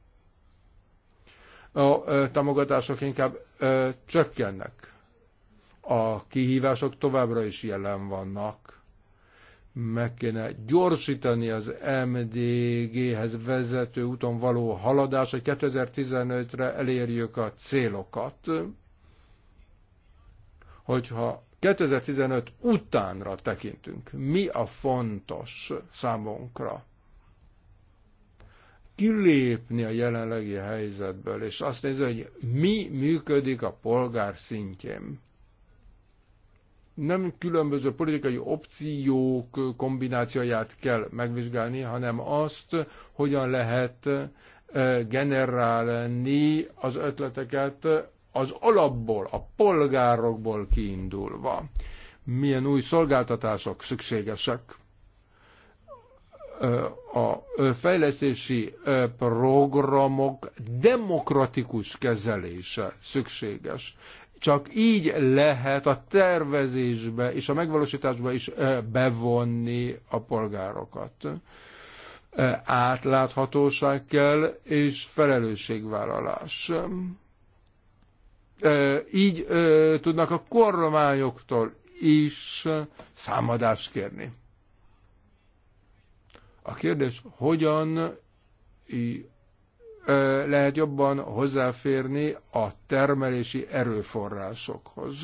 a támogatások inkább csökkennek. A kihívások továbbra is jelen vannak. Meg kéne gyorsítani az MDG-hez vezető úton való haladás, hogy 2015-re elérjük a célokat. Hogyha 2015 utánra tekintünk, mi a fontos számunkra? kilépni a jelenlegi helyzetből, és azt nézni, hogy mi működik a polgár szintjén. Nem különböző politikai opciók kombinációját kell megvizsgálni, hanem azt, hogyan lehet eh, generálni az ötleteket az alapból, a polgárokból kiindulva. Milyen új szolgáltatások szükségesek a fejlesztési programok demokratikus kezelése szükséges. Csak így lehet a tervezésbe és a megvalósításba is bevonni a polgárokat. Átláthatóság kell és felelősségvállalás. Így tudnak a kormányoktól is számadást kérni a kérdés, hogyan lehet jobban hozzáférni a termelési erőforrásokhoz.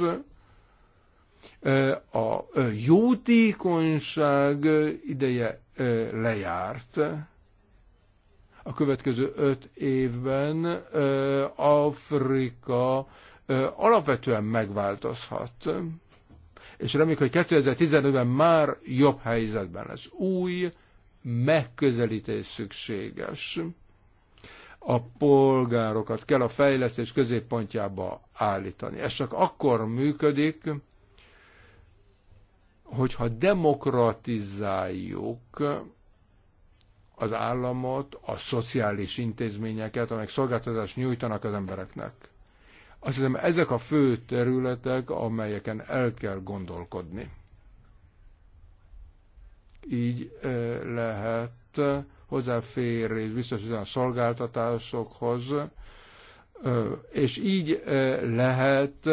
A jótékonyság ideje lejárt. A következő öt évben Afrika alapvetően megváltozhat. És reméljük, hogy 2015-ben már jobb helyzetben lesz. Új megközelítés szükséges. A polgárokat kell a fejlesztés középpontjába állítani. Ez csak akkor működik, hogyha demokratizáljuk az államot, a szociális intézményeket, amelyek szolgáltatást nyújtanak az embereknek. Azt hiszem, ezek a fő területek, amelyeken el kell gondolkodni. Így lehet hozzáférés biztosítani a szolgáltatásokhoz, és így lehet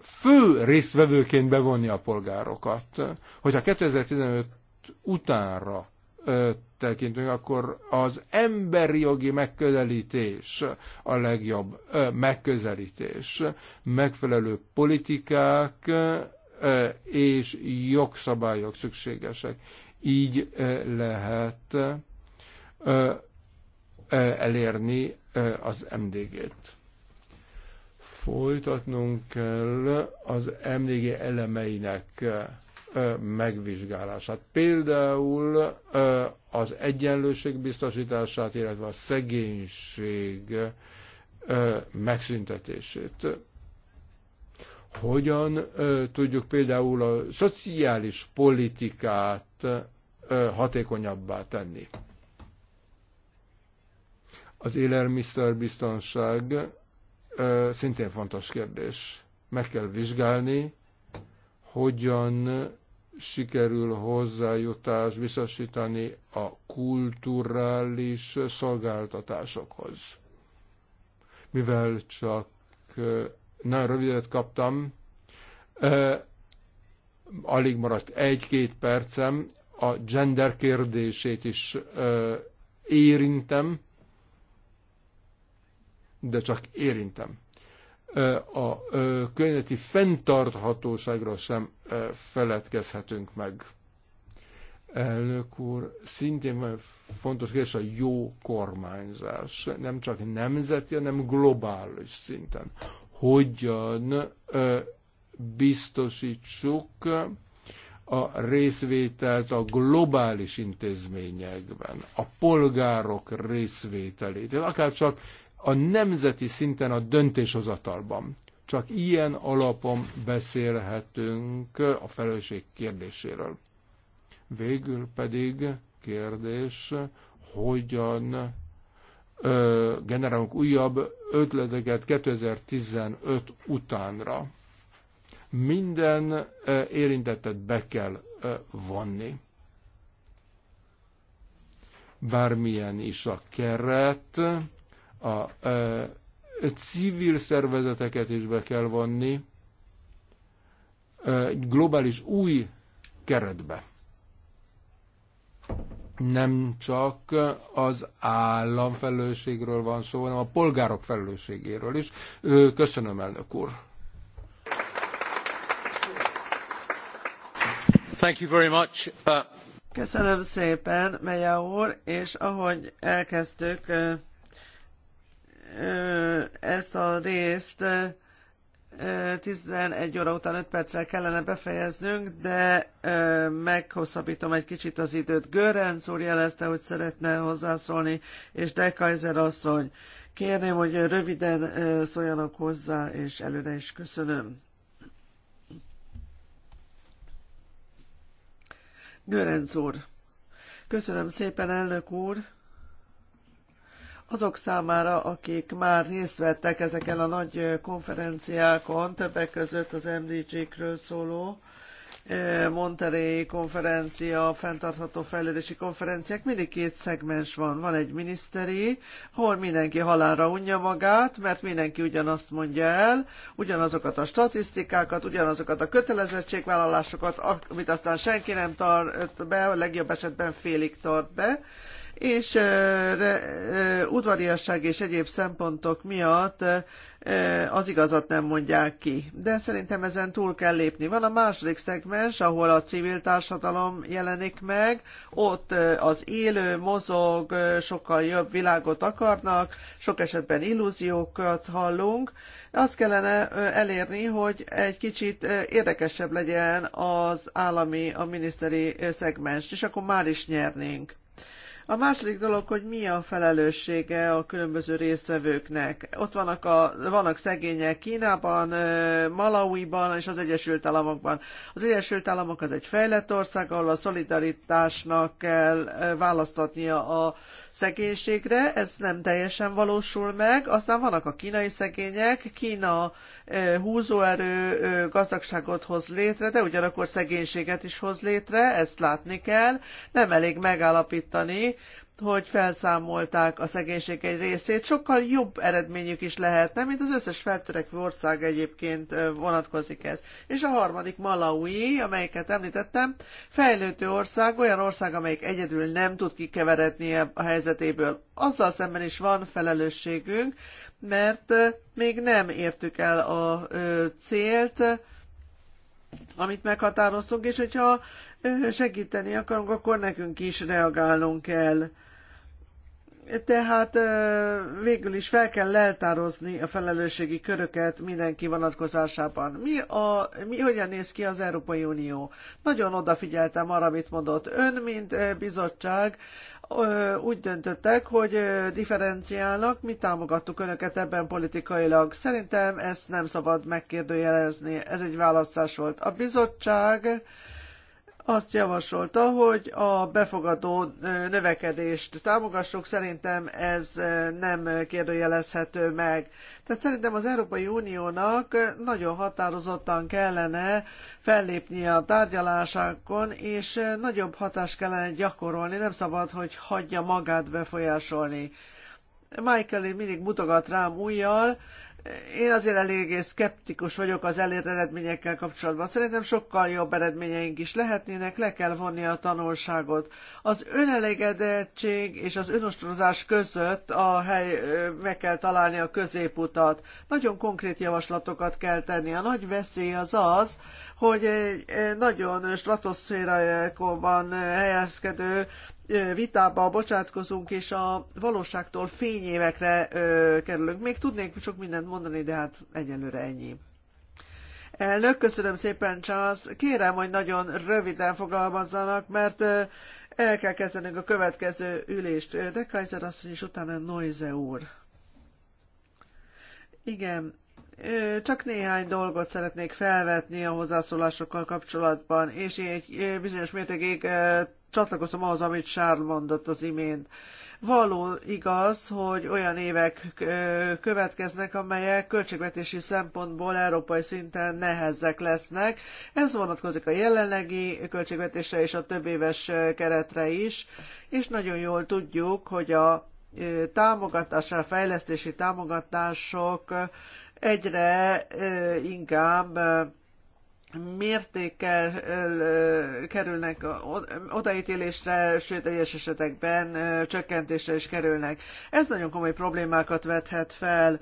fő résztvevőként bevonni a polgárokat. Hogyha 2015 utánra tekintünk, akkor az emberi jogi megközelítés a legjobb megközelítés. Megfelelő politikák és jogszabályok szükségesek. Így lehet elérni az MDG-t. Folytatnunk kell az MDG elemeinek megvizsgálását. Például az egyenlőség biztosítását, illetve a szegénység megszüntetését hogyan tudjuk például a szociális politikát hatékonyabbá tenni? Az élelmiszerbiztonság szintén fontos kérdés. Meg kell vizsgálni, hogyan sikerül hozzájutás biztosítani a kulturális szolgáltatásokhoz. Mivel csak nagyon rövidet kaptam. Alig maradt egy-két percem. A gender kérdését is érintem, de csak érintem a környezeti fenntarthatóságra sem feledkezhetünk meg. Elnök úr, szintén fontos kérdés a jó kormányzás, nem csak nemzeti, hanem globális szinten hogyan biztosítsuk a részvételt a globális intézményekben, a polgárok részvételét, akár csak a nemzeti szinten a döntéshozatalban. Csak ilyen alapon beszélhetünk a felelősség kérdéséről. Végül pedig kérdés, hogyan generálunk újabb ötleteket 2015 utánra. Minden érintettet be kell vonni. Bármilyen is a keret, a civil szervezeteket is be kell vonni, globális új keretbe nem csak az állam felelősségről van szó, hanem a polgárok felelősségéről is. Köszönöm, elnök úr! Thank you very much. Uh... Köszönöm szépen, Meja úr, és ahogy elkezdtük ezt a részt, 11 óra után 5 perccel kellene befejeznünk, de meghosszabbítom egy kicsit az időt. Görenc úr jelezte, hogy szeretne hozzászólni, és De Kaiser asszony. Kérném, hogy röviden szóljanak hozzá, és előre is köszönöm. Görenc úr. Köszönöm szépen, elnök úr azok számára, akik már részt vettek ezeken a nagy konferenciákon, többek között az MDG-kről szóló Monterey konferencia, fenntartható fejlődési konferenciák, mindig két szegmens van. Van egy miniszteri, ahol mindenki halálra unja magát, mert mindenki ugyanazt mondja el, ugyanazokat a statisztikákat, ugyanazokat a kötelezettségvállalásokat, amit aztán senki nem tart be, a legjobb esetben félig tart be és udvariasság és egyéb szempontok miatt az igazat nem mondják ki. De szerintem ezen túl kell lépni. Van a második szegmens, ahol a civil társadalom jelenik meg, ott az élő, mozog, sokkal jobb világot akarnak, sok esetben illúziókat hallunk. Azt kellene elérni, hogy egy kicsit érdekesebb legyen az állami, a miniszteri szegmens, és akkor már is nyernénk. A második dolog, hogy mi a felelőssége a különböző résztvevőknek. Ott vannak, a, vannak szegények Kínában, Malawiban és az Egyesült Államokban. Az Egyesült Államok az egy fejlett ország, ahol a szolidaritásnak kell választatnia a szegénységre, ez nem teljesen valósul meg, aztán vannak a kínai szegények, Kína húzóerő gazdagságot hoz létre, de ugyanakkor szegénységet is hoz létre, ezt látni kell, nem elég megállapítani, hogy felszámolták a szegénység egy részét, sokkal jobb eredményük is lehetne, mint az összes feltörekvő ország egyébként vonatkozik ez. És a harmadik Malawi, amelyiket említettem, fejlődő ország, olyan ország, amelyik egyedül nem tud kikeveredni e- a helyzetéből. Azzal szemben is van felelősségünk, mert még nem értük el a célt, amit meghatároztunk, és hogyha segíteni akarunk, akkor nekünk is reagálnunk kell. Tehát végül is fel kell leltározni a felelősségi köröket mindenki vonatkozásában. Mi, a, mi hogyan néz ki az Európai Unió? Nagyon odafigyeltem arra, amit mondott ön, mint bizottság. Úgy döntöttek, hogy differenciálnak, mi támogattuk önöket ebben politikailag. Szerintem ezt nem szabad megkérdőjelezni. Ez egy választás volt. A bizottság azt javasolta, hogy a befogadó növekedést támogassuk, szerintem ez nem kérdőjelezhető meg. Tehát szerintem az Európai Uniónak nagyon határozottan kellene fellépnie a tárgyalásákon, és nagyobb hatást kellene gyakorolni, nem szabad, hogy hagyja magát befolyásolni. Michael mindig mutogat rám újjal, én azért eléggé szkeptikus vagyok az elért eredményekkel kapcsolatban. Szerintem sokkal jobb eredményeink is lehetnének, le kell vonni a tanulságot. Az önelégedettség és az önostorozás között a hely, meg kell találni a középutat. Nagyon konkrét javaslatokat kell tenni. A nagy veszély az az, hogy egy nagyon stratoszférákban eh, helyezkedő eh, vitába bocsátkozunk, és a valóságtól fényévekre eh, kerülünk. Még tudnék sok mindent mondani, de hát egyelőre ennyi. Elnök, köszönöm szépen, Charles. Kérem, hogy nagyon röviden fogalmazzanak, mert el kell kezdenünk a következő ülést. De Kaiser asszony, és utána Noize úr. Igen, csak néhány dolgot szeretnék felvetni a hozzászólásokkal kapcsolatban, és egy bizonyos mértékig csatlakozom ahhoz, amit Charles mondott az imént. Való igaz, hogy olyan évek következnek, amelyek költségvetési szempontból európai szinten nehezek lesznek. Ez vonatkozik a jelenlegi költségvetésre és a többéves keretre is, és nagyon jól tudjuk, hogy a támogatásra, fejlesztési támogatások egyre inkább mértékkel kerülnek odaítélésre, sőt egyes esetekben csökkentésre is kerülnek. Ez nagyon komoly problémákat vethet fel.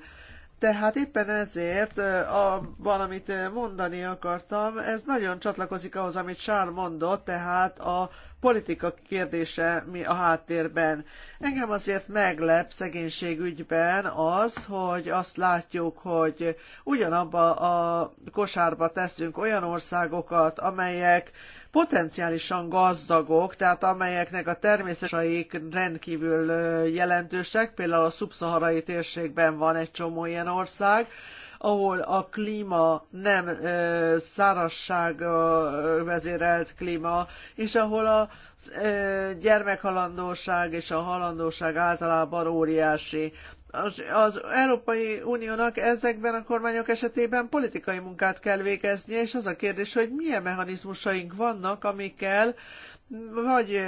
Tehát éppen ezért, a, valamit mondani akartam, ez nagyon csatlakozik ahhoz, amit Sár mondott, tehát a politika kérdése mi a háttérben. Engem azért meglep szegénységügyben az, hogy azt látjuk, hogy ugyanabba a kosárba teszünk olyan országokat, amelyek potenciálisan gazdagok, tehát amelyeknek a természeteik rendkívül jelentősek, például a szubszaharai térségben van egy csomó ilyen ország, ahol a klíma nem szárazság vezérelt klíma, és ahol a gyermekhalandóság és a halandóság általában óriási. Az, az Európai Uniónak ezekben a kormányok esetében politikai munkát kell végeznie, és az a kérdés, hogy milyen mechanizmusaink vannak, amikkel vagy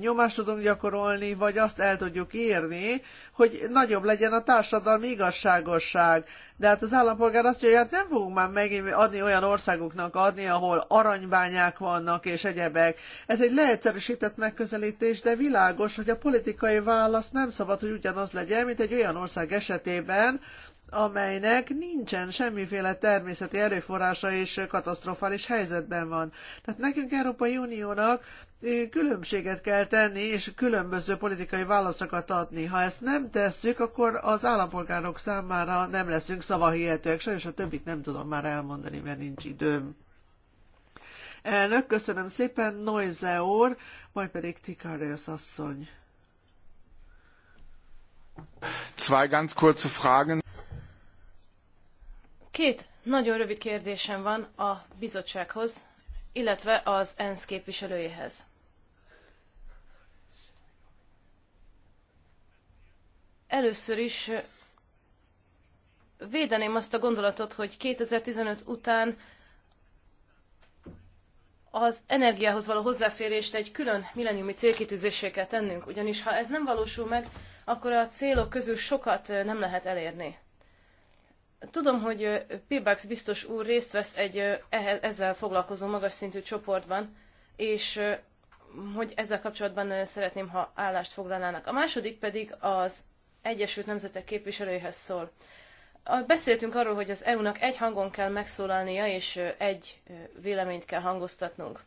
nyomást tudunk gyakorolni, vagy azt el tudjuk érni, hogy nagyobb legyen a társadalmi igazságosság. De hát az állampolgár azt mondja, hogy hát nem fogunk már megint adni olyan országoknak adni, ahol aranybányák vannak és egyebek. Ez egy leegyszerűsített megközelítés, de világos, hogy a politikai válasz nem szabad, hogy ugyanaz legyen, mint egy olyan ország esetében, amelynek nincsen semmiféle természeti erőforrása és katasztrofális helyzetben van. Tehát nekünk Európai Uniónak különbséget kell tenni, és különböző politikai válaszokat adni. Ha ezt nem tesszük, akkor az állampolgárok számára nem leszünk szavahihetőek, sajnos a többit nem tudom már elmondani, mert nincs időm. Elnök, köszönöm szépen, Noize úr, majd pedig Tikarius asszony. Zwei ganz kurze Fragen. Két nagyon rövid kérdésem van a bizottsághoz, illetve az ENSZ képviselőjéhez. Először is védeném azt a gondolatot, hogy 2015 után az energiához való hozzáférést egy külön milleniumi célkitűzéssé kell tennünk, ugyanis ha ez nem valósul meg, akkor a célok közül sokat nem lehet elérni. Tudom, hogy Pibax biztos úr részt vesz egy ezzel foglalkozó magas szintű csoportban, és hogy ezzel kapcsolatban szeretném, ha állást foglalnának. A második pedig az Egyesült Nemzetek képviselőihez szól. Beszéltünk arról, hogy az EU-nak egy hangon kell megszólalnia, és egy véleményt kell hangoztatnunk.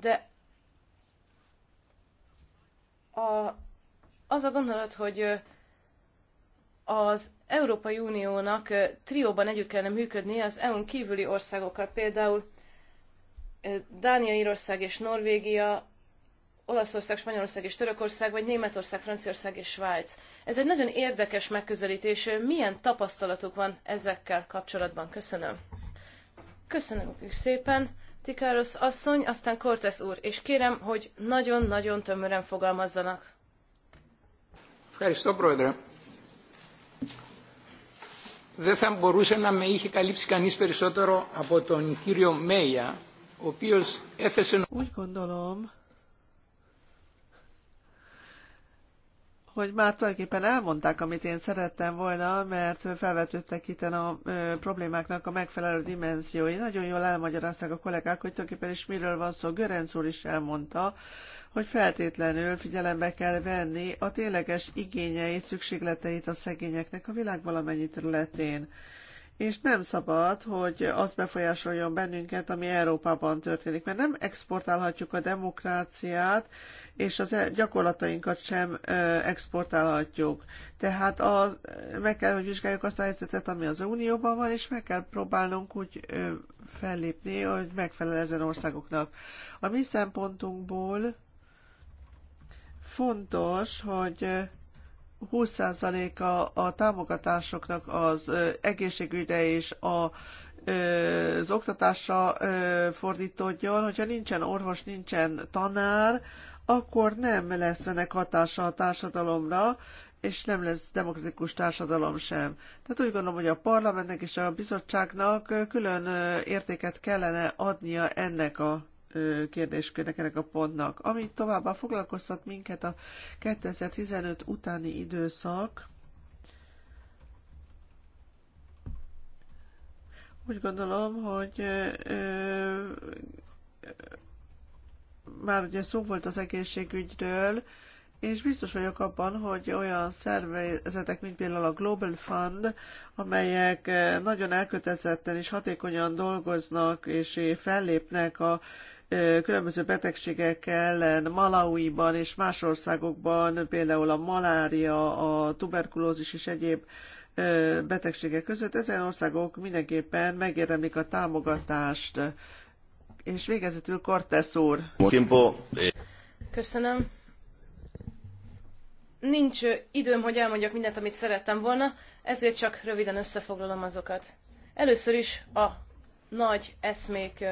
De a, az a gondolat, hogy az Európai Uniónak trióban együtt kellene működnie az EU-n kívüli országokkal, például Dánia, Írország és Norvégia, Olaszország, Spanyolország és Törökország, vagy Németország, Franciaország és Svájc. Ez egy nagyon érdekes megközelítés. Milyen tapasztalatuk van ezekkel kapcsolatban? Köszönöm. Köszönöm szépen, Tikáros asszony, aztán Cortez úr, és kérem, hogy nagyon-nagyon tömören fogalmazzanak. Köszönöm, δεν θα μπορούσε να με είχε καλύψει κανείς περισσότερο από τον κύριο Μέια, ο οποίος έθεσε... Úgy gondolom, hogy már tulajdonképpen elmondták, amit én szerettem volna, mert felvetődtek itt a ö, problémáknak a megfelelő dimenziói. Nagyon jól elmagyarázták a kollégák, hogy tulajdonképpen is miről van szó. Görenc úr is elmondta, hogy feltétlenül figyelembe kell venni a tényleges igényeit, szükségleteit a szegényeknek a világ valamennyi területén. És nem szabad, hogy az befolyásoljon bennünket, ami Európában történik, mert nem exportálhatjuk a demokráciát, és az e- gyakorlatainkat sem exportálhatjuk. Tehát az, meg kell, hogy vizsgáljuk azt a helyzetet, ami az Unióban van, és meg kell próbálnunk úgy fellépni, hogy megfelel ezen országoknak. A mi szempontunkból Fontos, hogy 20%-a a támogatásoknak az egészségügyre és a az oktatásra fordítódjon, hogyha nincsen orvos, nincsen tanár, akkor nem lesz ennek hatása a társadalomra, és nem lesz demokratikus társadalom sem. Tehát úgy gondolom, hogy a parlamentnek és a bizottságnak külön értéket kellene adnia ennek a kérdéskörnek, ennek a pontnak. Ami továbbá foglalkoztat minket a 2015 utáni időszak, úgy gondolom, hogy már ugye szó volt az egészségügyről, és biztos vagyok abban, hogy olyan szervezetek, mint például a Global Fund, amelyek nagyon elkötelezetten és hatékonyan dolgoznak és fellépnek a különböző betegségek ellen Malawiban és más országokban, például a malária, a tuberkulózis és egyéb betegségek között, ezen országok mindenképpen megérdemlik a támogatást. És végezetül Cortez úr. Eh. Köszönöm. Nincs időm, hogy elmondjak mindent, amit szerettem volna, ezért csak röviden összefoglalom azokat. Először is a nagy eszmék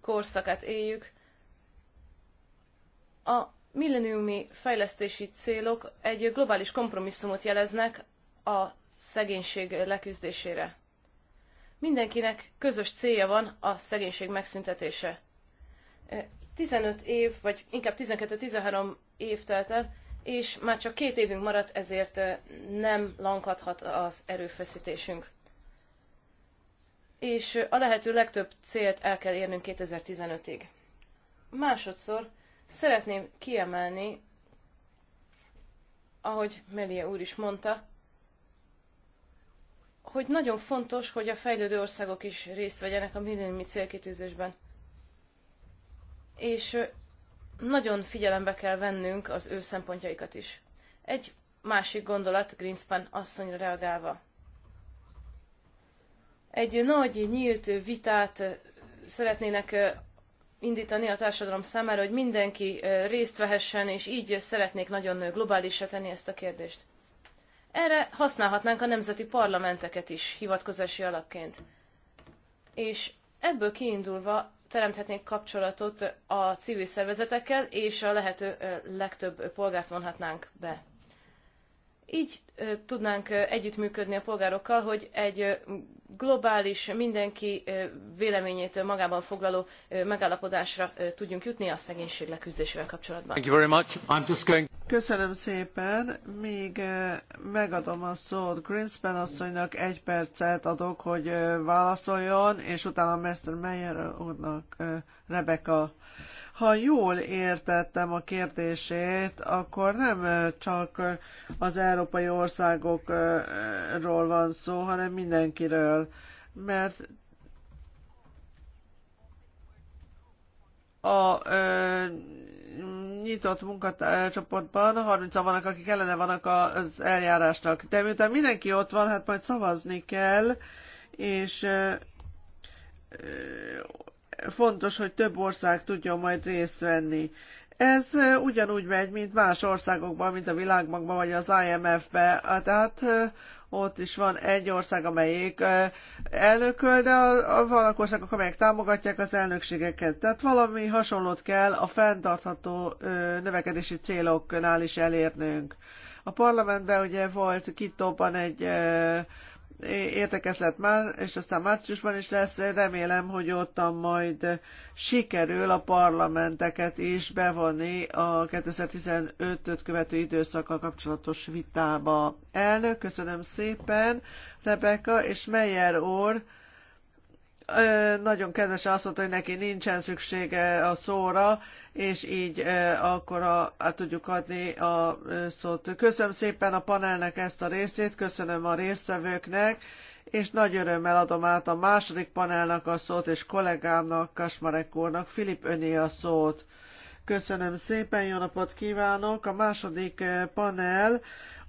korszakát éljük. A milleniumi fejlesztési célok egy globális kompromisszumot jeleznek a szegénység leküzdésére. Mindenkinek közös célja van a szegénység megszüntetése. 15 év, vagy inkább 12-13 év telt el, és már csak két évünk maradt, ezért eh, nem lankadhat az erőfeszítésünk és a lehető legtöbb célt el kell érnünk 2015-ig. Másodszor szeretném kiemelni, ahogy Melia úr is mondta, hogy nagyon fontos, hogy a fejlődő országok is részt vegyenek a millenniumi célkitűzésben. És nagyon figyelembe kell vennünk az ő szempontjaikat is. Egy másik gondolat Greenspan asszonyra reagálva egy nagy, nyílt vitát szeretnének indítani a társadalom számára, hogy mindenki részt vehessen, és így szeretnék nagyon globálisra tenni ezt a kérdést. Erre használhatnánk a nemzeti parlamenteket is hivatkozási alapként. És ebből kiindulva teremthetnénk kapcsolatot a civil szervezetekkel, és a lehető legtöbb polgárt vonhatnánk be. Így tudnánk együttműködni a polgárokkal, hogy egy globális, mindenki véleményét magában foglaló megállapodásra tudjunk jutni a szegénység leküzdésével kapcsolatban. Thank you very much. I'm just going... Köszönöm szépen. Még megadom a szót Greenspan asszonynak, egy percet adok, hogy válaszoljon, és utána Mester Meyer úrnak, Rebecca. Ha jól értettem a kérdését, akkor nem csak az európai országokról van szó, hanem mindenkiről, mert a ö, nyitott munkacsoportban 30 vannak, akik ellene vannak az eljárásnak. De miután mindenki ott van, hát majd szavazni kell, és ö, ö, fontos, hogy több ország tudjon majd részt venni. Ez ugyanúgy megy, mint más országokban, mint a Világbankban vagy az imf ben Tehát ott is van egy ország, amelyik elnököl, de vannak országok, amelyek támogatják az elnökségeket. Tehát valami hasonlót kell a fenntartható növekedési céloknál is elérnünk. A parlamentben ugye volt kitobban egy lett már, és aztán márciusban is lesz, remélem, hogy ottan majd sikerül a parlamenteket is bevonni a 2015-öt követő időszakkal kapcsolatos vitába. Elnök, köszönöm szépen, Rebeka és Meyer úr, nagyon kedvesen azt mondta, hogy neki nincsen szüksége a szóra, és így akkor a, tudjuk adni a szót. Köszönöm szépen a panelnek ezt a részét, köszönöm a résztvevőknek, és nagy örömmel adom át a második panelnak a szót, és kollégámnak, Kasmarek úrnak, Filip öné a szót. Köszönöm szépen, jó napot kívánok! A második panel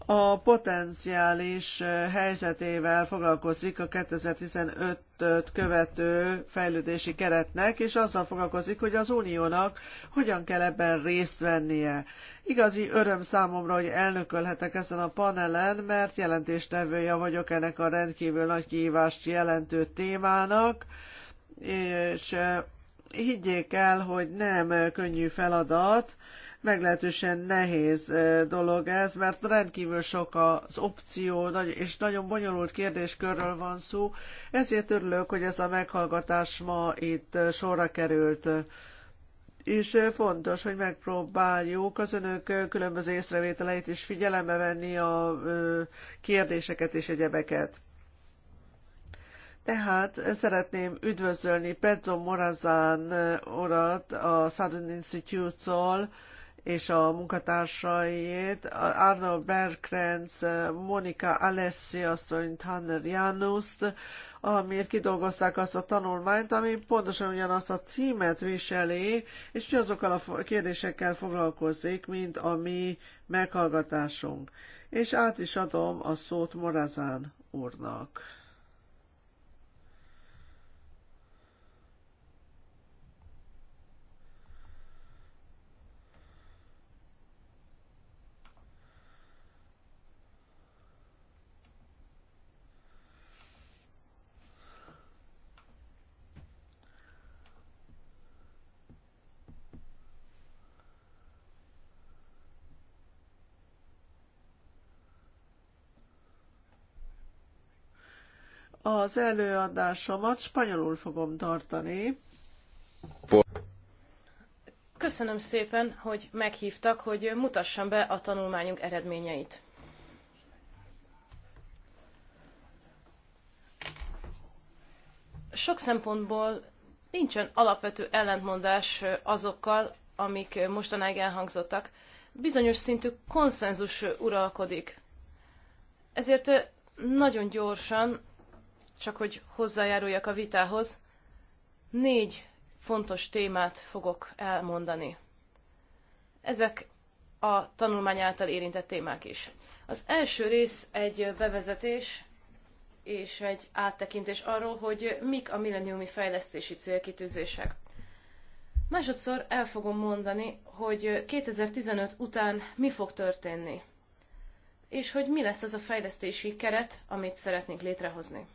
a potenciális helyzetével foglalkozik a 2015-öt követő fejlődési keretnek, és azzal foglalkozik, hogy az uniónak hogyan kell ebben részt vennie. Igazi öröm számomra, hogy elnökölhetek ezen a panelen, mert jelentéstevője vagyok ennek a rendkívül nagy kihívást jelentő témának, és higgyék el, hogy nem könnyű feladat, meglehetősen nehéz dolog ez, mert rendkívül sok az opció, és nagyon bonyolult kérdéskörről van szó, ezért örülök, hogy ez a meghallgatás ma itt sorra került és fontos, hogy megpróbáljuk az önök különböző észrevételeit is figyelembe venni a kérdéseket és egyebeket. Tehát szeretném üdvözölni Pedro Morazán urat a Southern Institute-szól, és a munkatársaiét, Arno Berkrenz, Monika Alessi asszonyt, Hanner Januszt, amiért kidolgozták azt a tanulmányt, ami pontosan ugyanazt a címet viseli, és azokkal a kérdésekkel foglalkozik, mint a mi meghallgatásunk. És át is adom a szót Morazán úrnak. Az előadásomat spanyolul fogom tartani. Köszönöm szépen, hogy meghívtak, hogy mutassam be a tanulmányunk eredményeit. Sok szempontból nincsen alapvető ellentmondás azokkal, amik mostanáig elhangzottak. Bizonyos szintű konszenzus uralkodik. Ezért nagyon gyorsan csak hogy hozzájáruljak a vitához, négy fontos témát fogok elmondani. Ezek a tanulmány által érintett témák is. Az első rész egy bevezetés és egy áttekintés arról, hogy mik a milleniumi fejlesztési célkitűzések. Másodszor el fogom mondani, hogy 2015 után mi fog történni, és hogy mi lesz az a fejlesztési keret, amit szeretnénk létrehozni.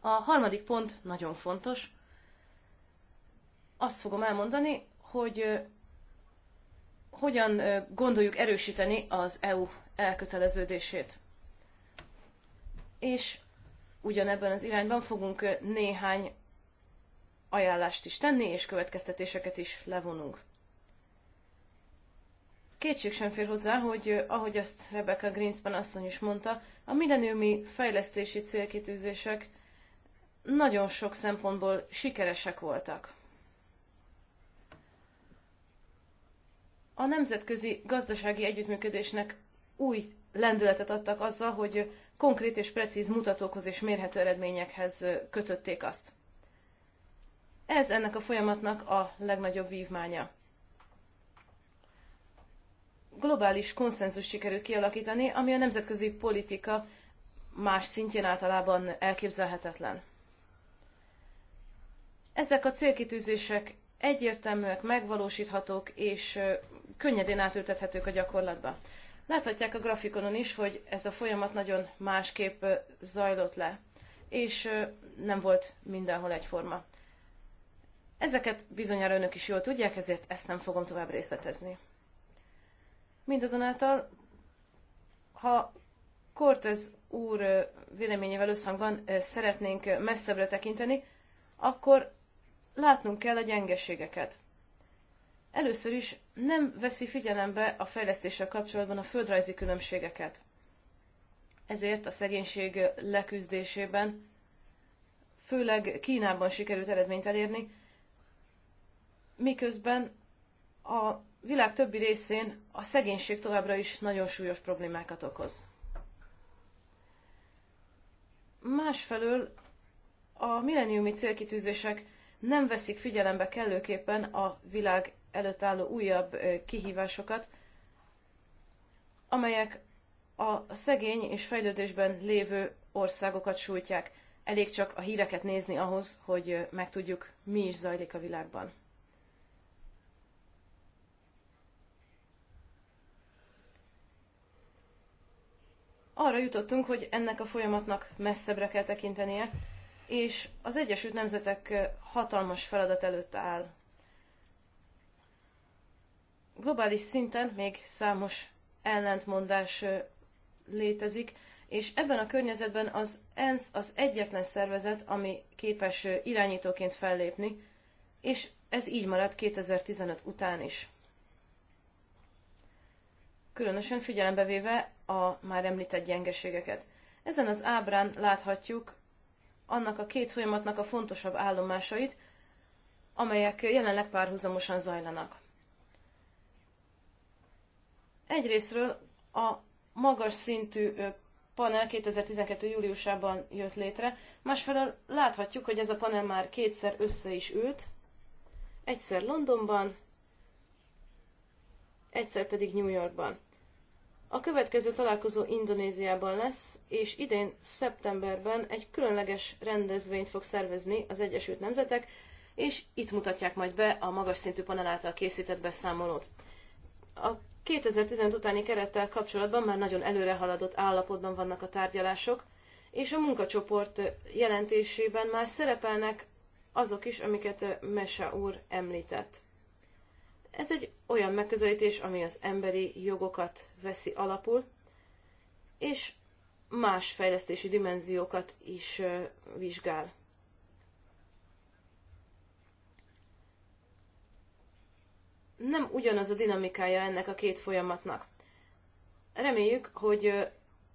A harmadik pont nagyon fontos. Azt fogom elmondani, hogy hogyan gondoljuk erősíteni az EU elköteleződését. És ugyanebben az irányban fogunk néhány ajánlást is tenni, és következtetéseket is levonunk. Kétség sem fér hozzá, hogy ahogy azt Rebecca Greenspan asszony is mondta, a milleniumi fejlesztési célkitűzések nagyon sok szempontból sikeresek voltak. A nemzetközi gazdasági együttműködésnek új lendületet adtak azzal, hogy konkrét és precíz mutatókhoz és mérhető eredményekhez kötötték azt. Ez ennek a folyamatnak a legnagyobb vívmánya. Globális konszenzus sikerült kialakítani, ami a nemzetközi politika más szintjén általában elképzelhetetlen. Ezek a célkitűzések egyértelműek, megvalósíthatók és könnyedén átültethetők a gyakorlatba. Láthatják a grafikonon is, hogy ez a folyamat nagyon másképp zajlott le, és nem volt mindenhol egyforma. Ezeket bizonyára önök is jól tudják, ezért ezt nem fogom tovább részletezni. Mindazonáltal, ha Cortez úr véleményével összhangban szeretnénk messzebbre tekinteni, akkor látnunk kell a gyengeségeket. Először is nem veszi figyelembe a fejlesztéssel kapcsolatban a földrajzi különbségeket. Ezért a szegénység leküzdésében, főleg Kínában sikerült eredményt elérni, miközben a világ többi részén a szegénység továbbra is nagyon súlyos problémákat okoz. Másfelől a milleniumi célkitűzések nem veszik figyelembe kellőképpen a világ előtt álló újabb kihívásokat, amelyek a szegény és fejlődésben lévő országokat sújtják. Elég csak a híreket nézni ahhoz, hogy megtudjuk, mi is zajlik a világban. Arra jutottunk, hogy ennek a folyamatnak messzebbre kell tekintenie, és az Egyesült Nemzetek hatalmas feladat előtt áll. Globális szinten még számos ellentmondás létezik, és ebben a környezetben az ENSZ az egyetlen szervezet, ami képes irányítóként fellépni, és ez így maradt 2015 után is. Különösen figyelembe véve a már említett gyengeségeket. Ezen az ábrán láthatjuk annak a két folyamatnak a fontosabb állomásait, amelyek jelenleg párhuzamosan zajlanak. Egyrésztről a magas szintű panel 2012. júliusában jött létre, másfelől láthatjuk, hogy ez a panel már kétszer össze is ült, egyszer Londonban, egyszer pedig New Yorkban. A következő találkozó Indonéziában lesz, és idén szeptemberben egy különleges rendezvényt fog szervezni az Egyesült Nemzetek, és itt mutatják majd be a magas szintű panel által készített beszámolót. A 2015 utáni kerettel kapcsolatban már nagyon előre haladott állapotban vannak a tárgyalások, és a munkacsoport jelentésében már szerepelnek azok is, amiket Mesa úr említett. Ez egy olyan megközelítés, ami az emberi jogokat veszi alapul, és más fejlesztési dimenziókat is vizsgál. Nem ugyanaz a dinamikája ennek a két folyamatnak. Reméljük, hogy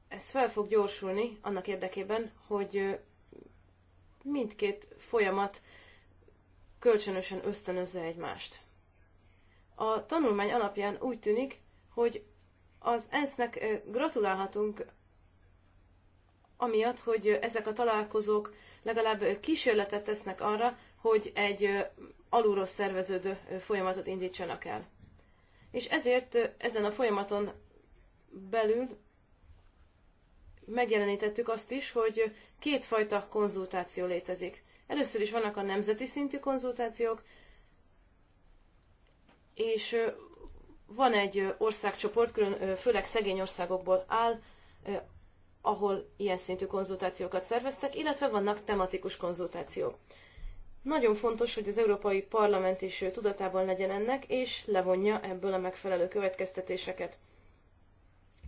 ez fel fog gyorsulni annak érdekében, hogy mindkét folyamat kölcsönösen ösztönözze egymást. A tanulmány alapján úgy tűnik, hogy az ENSZ-nek gratulálhatunk amiatt, hogy ezek a találkozók legalább kísérletet tesznek arra, hogy egy alulról szerveződő folyamatot indítsanak el. És ezért ezen a folyamaton belül megjelenítettük azt is, hogy kétfajta konzultáció létezik. Először is vannak a nemzeti szintű konzultációk, és van egy országcsoport, külön, főleg szegény országokból áll, ahol ilyen szintű konzultációkat szerveztek, illetve vannak tematikus konzultációk. Nagyon fontos, hogy az Európai Parlament is tudatában legyen ennek, és levonja ebből a megfelelő következtetéseket.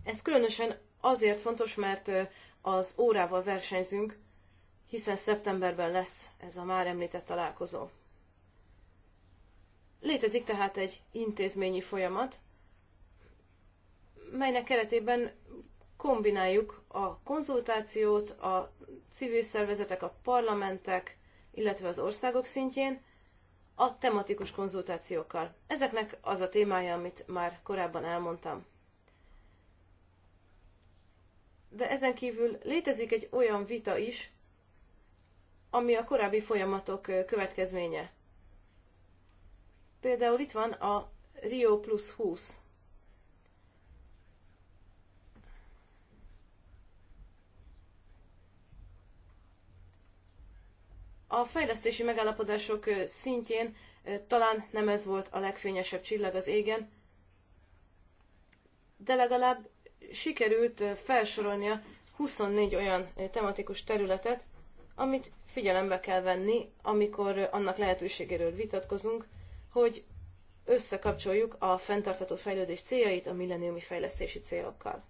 Ez különösen azért fontos, mert az órával versenyzünk, hiszen szeptemberben lesz ez a már említett találkozó. Létezik tehát egy intézményi folyamat, melynek keretében kombináljuk a konzultációt a civil szervezetek, a parlamentek, illetve az országok szintjén a tematikus konzultációkkal. Ezeknek az a témája, amit már korábban elmondtam. De ezen kívül létezik egy olyan vita is, ami a korábbi folyamatok következménye. Például itt van a Rio Plus 20. A fejlesztési megállapodások szintjén talán nem ez volt a legfényesebb csillag az égen, de legalább sikerült felsorolnia 24 olyan tematikus területet, amit figyelembe kell venni, amikor annak lehetőségéről vitatkozunk, hogy összekapcsoljuk a fenntartható fejlődés céljait a milleniumi fejlesztési célokkal.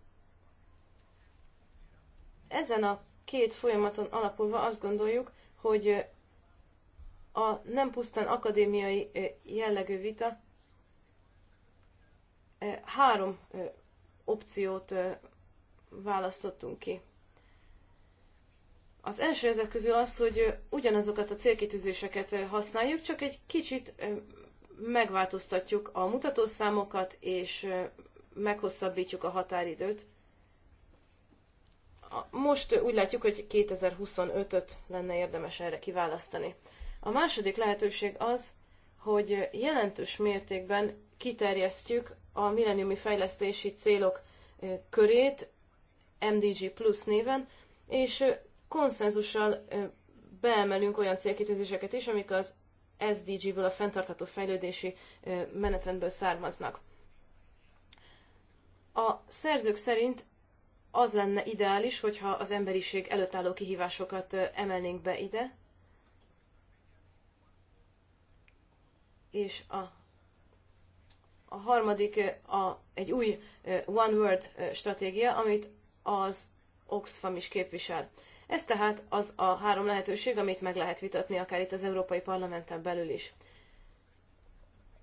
Ezen a két folyamaton alapulva azt gondoljuk, hogy a nem pusztán akadémiai jellegű vita három opciót választottunk ki. Az első ezek közül az, hogy ugyanazokat a célkitűzéseket használjuk, csak egy kicsit megváltoztatjuk a mutatószámokat, és meghosszabbítjuk a határidőt. Most úgy látjuk, hogy 2025-öt lenne érdemes erre kiválasztani. A második lehetőség az, hogy jelentős mértékben kiterjesztjük a milleniumi fejlesztési célok körét MDG Plus néven, és konszenzussal beemelünk olyan célkitűzéseket is, amik az SDG-ből, a fenntartható fejlődési menetrendből származnak. A szerzők szerint az lenne ideális, hogyha az emberiség előtt álló kihívásokat emelnénk be ide, és a, a harmadik a, egy új One World stratégia, amit az Oxfam is képvisel. Ez tehát az a három lehetőség, amit meg lehet vitatni akár itt az Európai Parlamenten belül is.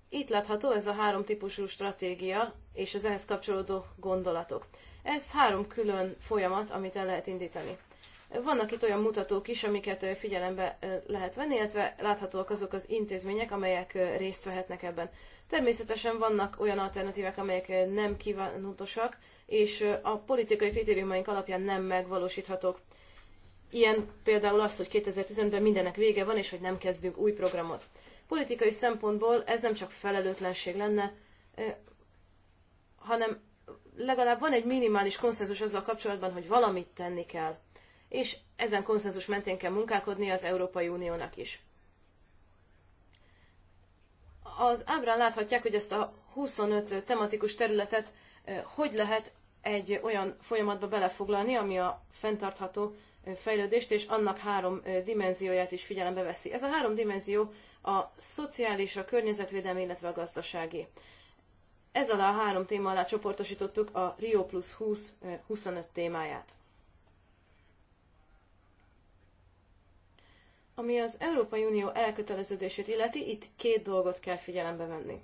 Itt látható ez a három típusú stratégia és az ehhez kapcsolódó gondolatok. Ez három külön folyamat, amit el lehet indítani. Vannak itt olyan mutatók is, amiket figyelembe lehet venni, illetve láthatóak azok az intézmények, amelyek részt vehetnek ebben. Természetesen vannak olyan alternatívek, amelyek nem kívánatosak, és a politikai kritériumaink alapján nem megvalósíthatók. Ilyen például az, hogy 2015-ben mindennek vége van, és hogy nem kezdünk új programot. Politikai szempontból ez nem csak felelőtlenség lenne, hanem legalább van egy minimális konszenzus azzal kapcsolatban, hogy valamit tenni kell. És ezen konszenzus mentén kell munkálkodni az Európai Uniónak is. Az ábrán láthatják, hogy ezt a 25 tematikus területet hogy lehet egy olyan folyamatba belefoglalni, ami a fenntartható fejlődést, és annak három dimenzióját is figyelembe veszi. Ez a három dimenzió a szociális, a környezetvédelmi, illetve a gazdasági. Ez alá a három téma alá csoportosítottuk a Rio Plus 20 25 témáját. Ami az Európai Unió elköteleződését illeti, itt két dolgot kell figyelembe venni.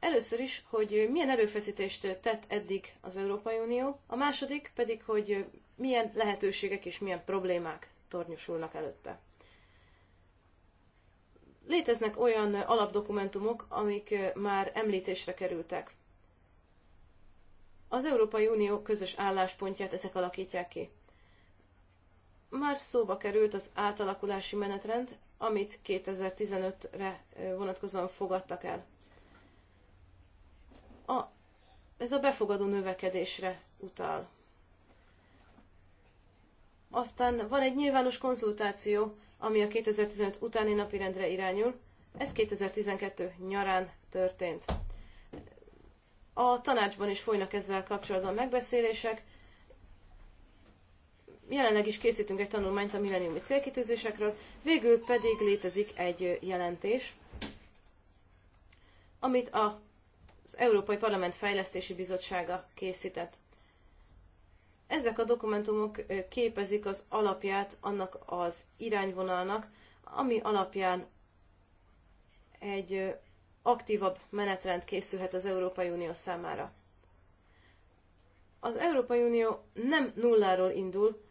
Először is, hogy milyen erőfeszítést tett eddig az Európai Unió, a második pedig, hogy milyen lehetőségek és milyen problémák tornyosulnak előtte. Léteznek olyan alapdokumentumok, amik már említésre kerültek. Az Európai Unió közös álláspontját ezek alakítják ki. Már szóba került az átalakulási menetrend, amit 2015-re vonatkozóan fogadtak el. A, ez a befogadó növekedésre utal. Aztán van egy nyilvános konzultáció, ami a 2015 utáni napirendre irányul. Ez 2012 nyarán történt. A tanácsban is folynak ezzel kapcsolatban megbeszélések. Jelenleg is készítünk egy tanulmányt a milleniumi célkitűzésekről, végül pedig létezik egy jelentés, amit az Európai Parlament Fejlesztési Bizottsága készített. Ezek a dokumentumok képezik az alapját annak az irányvonalnak, ami alapján egy aktívabb menetrend készülhet az Európai Unió számára. Az Európai Unió nem nulláról indul,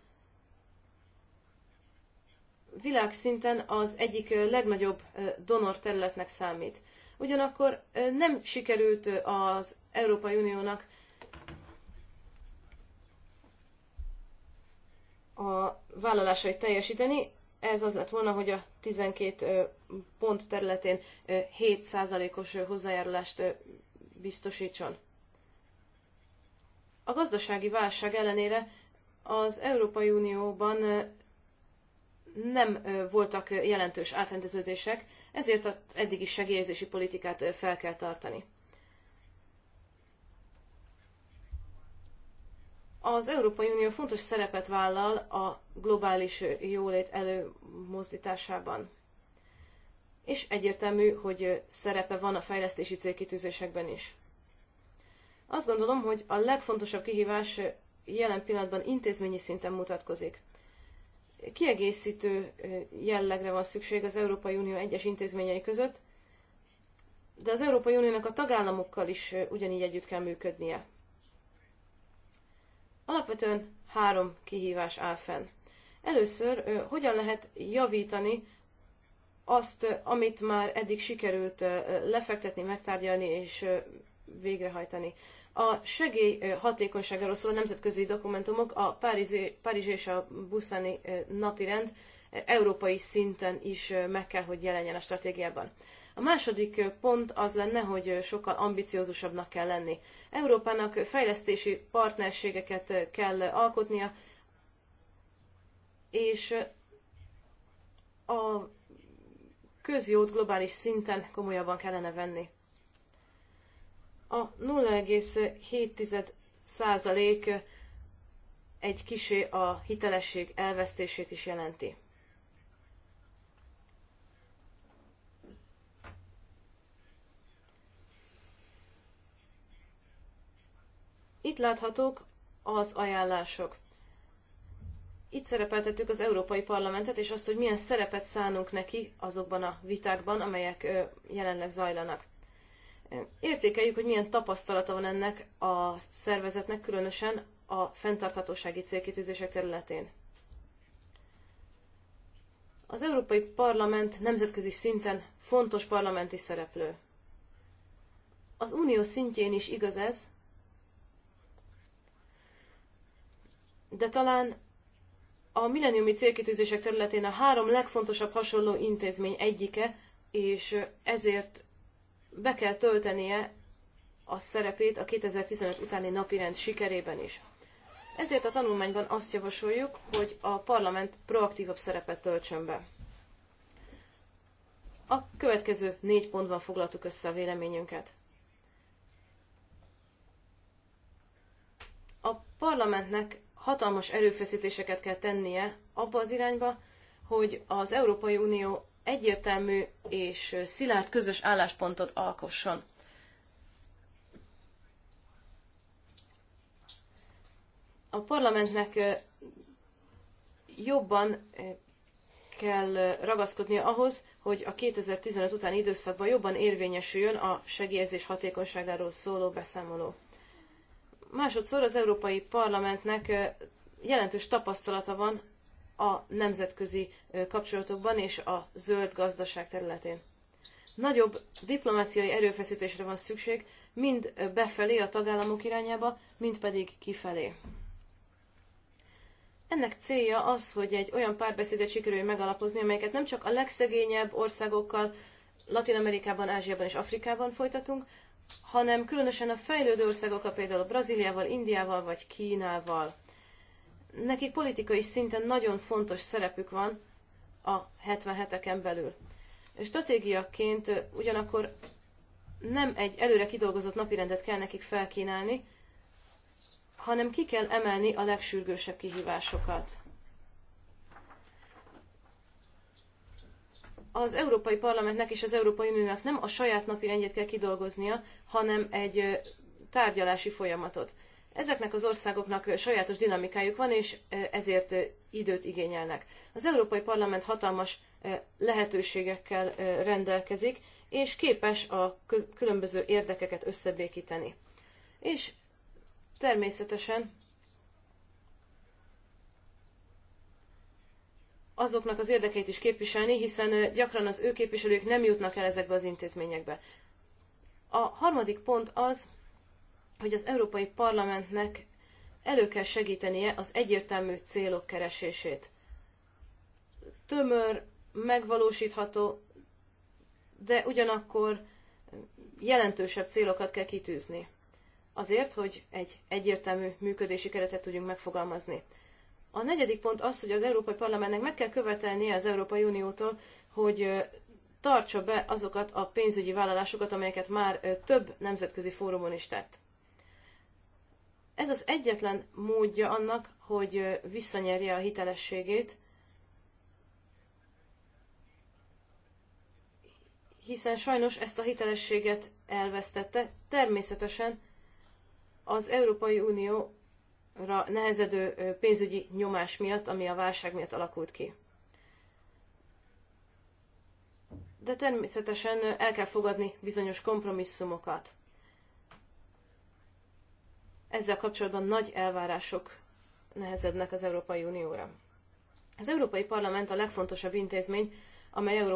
világszinten az egyik legnagyobb donor területnek számít. Ugyanakkor nem sikerült az Európai Uniónak a vállalásait teljesíteni. Ez az lett volna, hogy a 12 pont területén 7%-os hozzájárulást biztosítson. A gazdasági válság ellenére az Európai Unióban nem voltak jelentős átrendeződések, ezért az eddigi segélyezési politikát fel kell tartani. az Európai Unió fontos szerepet vállal a globális jólét előmozdításában. És egyértelmű, hogy szerepe van a fejlesztési célkitűzésekben is. Azt gondolom, hogy a legfontosabb kihívás jelen pillanatban intézményi szinten mutatkozik. Kiegészítő jellegre van szükség az Európai Unió egyes intézményei között, de az Európai Uniónak a tagállamokkal is ugyanígy együtt kell működnie Alapvetően három kihívás áll fenn. Először, hogyan lehet javítani azt, amit már eddig sikerült lefektetni, megtárgyalni és végrehajtani. A segély hatékonyságáról szóló nemzetközi dokumentumok, a Párizsi, Párizs és a Buszani napirend európai szinten is meg kell, hogy jelenjen a stratégiában. A második pont az lenne, hogy sokkal ambiciózusabbnak kell lenni. Európának fejlesztési partnerségeket eh, kell alkotnia, és eh, a közjót globális szinten komolyabban kellene venni. A 0,7 százalék eh, egy kisé a hitelesség elvesztését is jelenti. Itt láthatók az ajánlások. Itt szerepeltettük az Európai Parlamentet, és azt, hogy milyen szerepet szánunk neki azokban a vitákban, amelyek jelenleg zajlanak. Értékeljük, hogy milyen tapasztalata van ennek a szervezetnek, különösen a fenntarthatósági célkitűzések területén. Az Európai Parlament nemzetközi szinten fontos parlamenti szereplő. Az unió szintjén is igaz ez, de talán a milleniumi célkitűzések területén a három legfontosabb hasonló intézmény egyike, és ezért be kell töltenie a szerepét a 2015 utáni napirend sikerében is. Ezért a tanulmányban azt javasoljuk, hogy a parlament proaktívabb szerepet töltsön be. A következő négy pontban foglaltuk össze a véleményünket. A parlamentnek hatalmas erőfeszítéseket kell tennie abba az irányba, hogy az Európai Unió egyértelmű és szilárd közös álláspontot alkosson. A parlamentnek jobban kell ragaszkodnia ahhoz, hogy a 2015 utáni időszakban jobban érvényesüljön a segélyezés hatékonyságáról szóló beszámoló. Másodszor az Európai Parlamentnek jelentős tapasztalata van a nemzetközi kapcsolatokban és a zöld gazdaság területén. Nagyobb diplomáciai erőfeszítésre van szükség, mind befelé a tagállamok irányába, mind pedig kifelé. Ennek célja az, hogy egy olyan párbeszédet sikerül megalapozni, amelyeket nem csak a legszegényebb országokkal Latin Amerikában, Ázsiában és Afrikában folytatunk, hanem különösen a fejlődő országokkal, például Brazíliával, Indiával vagy Kínával. Nekik politikai szinten nagyon fontos szerepük van a 77-eken belül. Stratégiaként ugyanakkor nem egy előre kidolgozott napirendet kell nekik felkínálni, hanem ki kell emelni a legsürgősebb kihívásokat. az Európai Parlamentnek és az Európai Uniónak nem a saját napi rendjét kell kidolgoznia, hanem egy tárgyalási folyamatot. Ezeknek az országoknak sajátos dinamikájuk van, és ezért időt igényelnek. Az Európai Parlament hatalmas lehetőségekkel rendelkezik, és képes a különböző érdekeket összebékíteni. És természetesen azoknak az érdekeit is képviselni, hiszen gyakran az ő képviselők nem jutnak el ezekbe az intézményekbe. A harmadik pont az, hogy az Európai Parlamentnek elő kell segítenie az egyértelmű célok keresését. Tömör, megvalósítható, de ugyanakkor jelentősebb célokat kell kitűzni. Azért, hogy egy egyértelmű működési keretet tudjunk megfogalmazni. A negyedik pont az, hogy az Európai Parlamentnek meg kell követelnie az Európai Uniótól, hogy tartsa be azokat a pénzügyi vállalásokat, amelyeket már több nemzetközi fórumon is tett. Ez az egyetlen módja annak, hogy visszanyerje a hitelességét, hiszen sajnos ezt a hitelességet elvesztette. Természetesen az Európai Unió nehezedő pénzügyi nyomás miatt, ami a válság miatt alakult ki. De természetesen el kell fogadni bizonyos kompromisszumokat. Ezzel kapcsolatban nagy elvárások nehezednek az Európai Unióra. Az Európai Parlament a legfontosabb intézmény, amely Európa